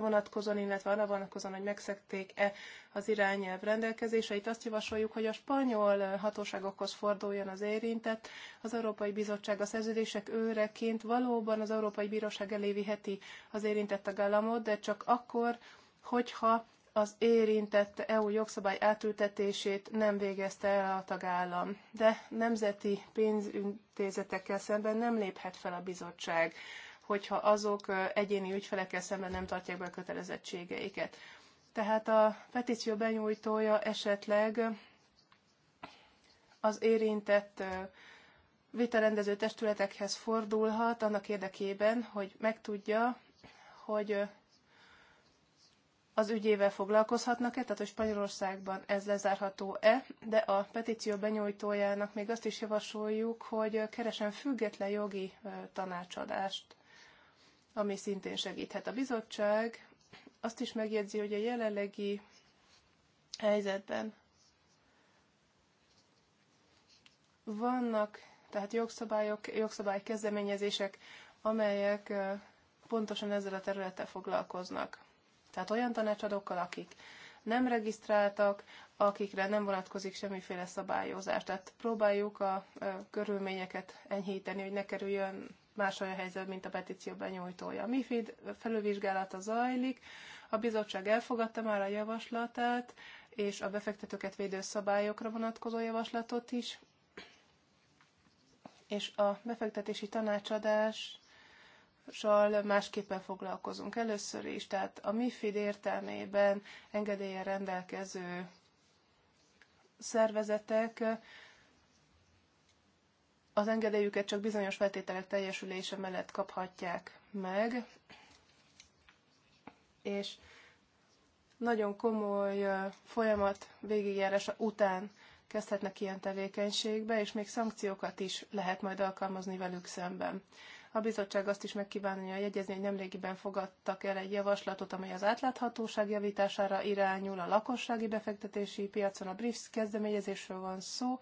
vonatkozóan, illetve arra vonatkozóan, hogy megszekték-e az irányelv rendelkezéseit. Azt javasoljuk, hogy a spanyol eh, hatóságokhoz forduljon az érintett. Az Európai Bizottság a szerződések őreként valóban az Európai Bíróság elé viheti az érintett tagállamot, de csak akkor, hogyha az érintett EU jogszabály átültetését nem végezte el a tagállam, de nemzeti pénzintézetekkel szemben nem léphet fel a bizottság hogyha azok egyéni ügyfelekkel szemben nem tartják be a kötelezettségeiket. Tehát a petíció benyújtója esetleg az érintett vitarendező testületekhez fordulhat annak érdekében, hogy megtudja, hogy az ügyével foglalkozhatnak-e, tehát hogy Spanyolországban ez lezárható-e, de a petíció benyújtójának még azt is javasoljuk, hogy keresen független jogi tanácsadást ami szintén segíthet. A bizottság azt is megjegyzi, hogy a jelenlegi helyzetben vannak tehát jogszabályok, jogszabály kezdeményezések, amelyek pontosan ezzel a területtel foglalkoznak. Tehát olyan tanácsadókkal, akik nem regisztráltak, akikre nem vonatkozik semmiféle szabályozás. Tehát próbáljuk a körülményeket enyhíteni, hogy ne kerüljön más olyan helyzet, mint a petíció benyújtója. A MIFID felülvizsgálata zajlik, a bizottság elfogadta már a javaslatát, és a befektetőket védő szabályokra vonatkozó javaslatot is, és a befektetési tanácsadás másképpen foglalkozunk először is, tehát a MIFID értelmében engedélyen rendelkező szervezetek az engedélyüket csak bizonyos feltételek teljesülése mellett kaphatják meg, és nagyon komoly folyamat végigjárása után kezdhetnek ilyen tevékenységbe, és még szankciókat is lehet majd alkalmazni velük szemben. A bizottság azt is megkívánja jegyezni, hogy nemrégiben fogadtak el egy javaslatot, amely az átláthatóság javítására irányul a lakossági befektetési piacon. A BRIFS kezdeményezésről van szó,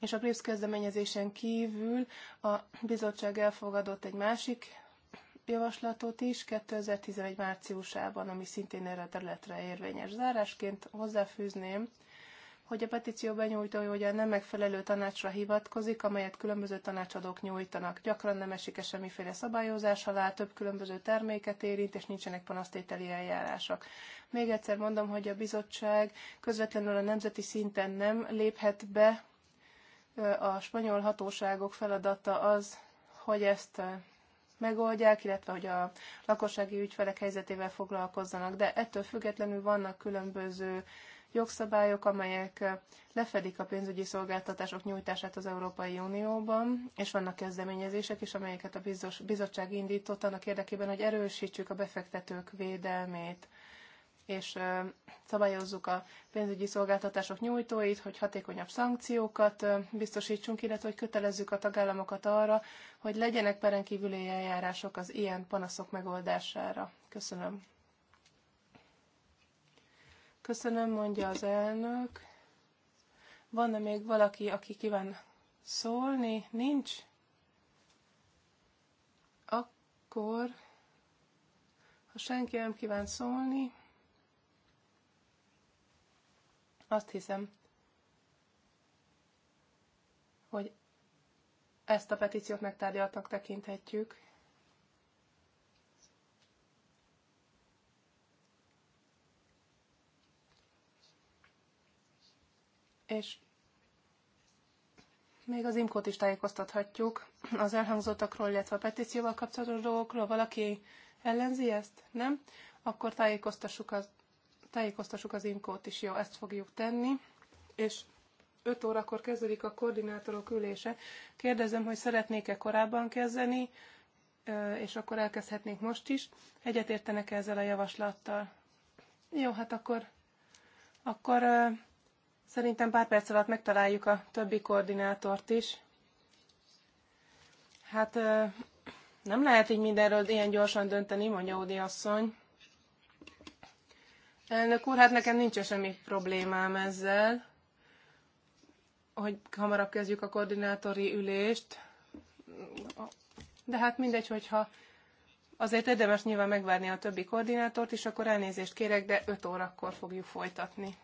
és a BRIPS kezdeményezésen kívül a bizottság elfogadott egy másik javaslatot is 2011 márciusában, ami szintén erre a területre érvényes. Zárásként hozzáfűzném, hogy a petíció benyújtója a nem megfelelő tanácsra hivatkozik, amelyet különböző tanácsadók nyújtanak. Gyakran nem esik -e semmiféle szabályozás alá, több különböző terméket érint, és nincsenek panasztételi eljárások. Még egyszer mondom, hogy a bizottság közvetlenül a nemzeti szinten nem léphet be a spanyol hatóságok feladata az, hogy ezt megoldják, illetve hogy a lakossági ügyfelek helyzetével foglalkozzanak. De ettől függetlenül vannak különböző jogszabályok, amelyek lefedik a pénzügyi szolgáltatások nyújtását az Európai Unióban, és vannak kezdeményezések is, amelyeket a bizottság indított annak érdekében, hogy erősítsük a befektetők védelmét és szabályozzuk a pénzügyi szolgáltatások nyújtóit, hogy hatékonyabb szankciókat biztosítsunk, illetve hogy kötelezzük a tagállamokat arra, hogy legyenek perenkívüli eljárások az ilyen panaszok megoldására. Köszönöm. Köszönöm, mondja az elnök. Van-e még valaki, aki kíván szólni? Nincs? Akkor, ha senki nem kíván szólni, Azt hiszem, hogy ezt a petíciót megtárgyaltnak tekinthetjük, és még az imkót is tájékoztathatjuk az elhangzottakról, illetve a petícióval kapcsolatos dolgokról. Valaki ellenzi ezt? Nem? Akkor tájékoztassuk az tájékoztassuk az inkót is, jó, ezt fogjuk tenni, és 5 órakor kezdődik a koordinátorok ülése. Kérdezem, hogy szeretnék-e korábban kezdeni, és akkor elkezdhetnénk most is. Egyetértenek -e ezzel a javaslattal? Jó, hát akkor, akkor szerintem pár perc alatt megtaláljuk a többi koordinátort is. Hát nem lehet így mindenről ilyen gyorsan dönteni, mondja Ódi asszony. Elnök úr, hát nekem nincs semmi problémám ezzel, hogy hamarabb kezdjük a koordinátori ülést. De hát mindegy, hogyha azért érdemes nyilván megvárni a többi koordinátort is, akkor elnézést kérek, de 5 órakor fogjuk folytatni.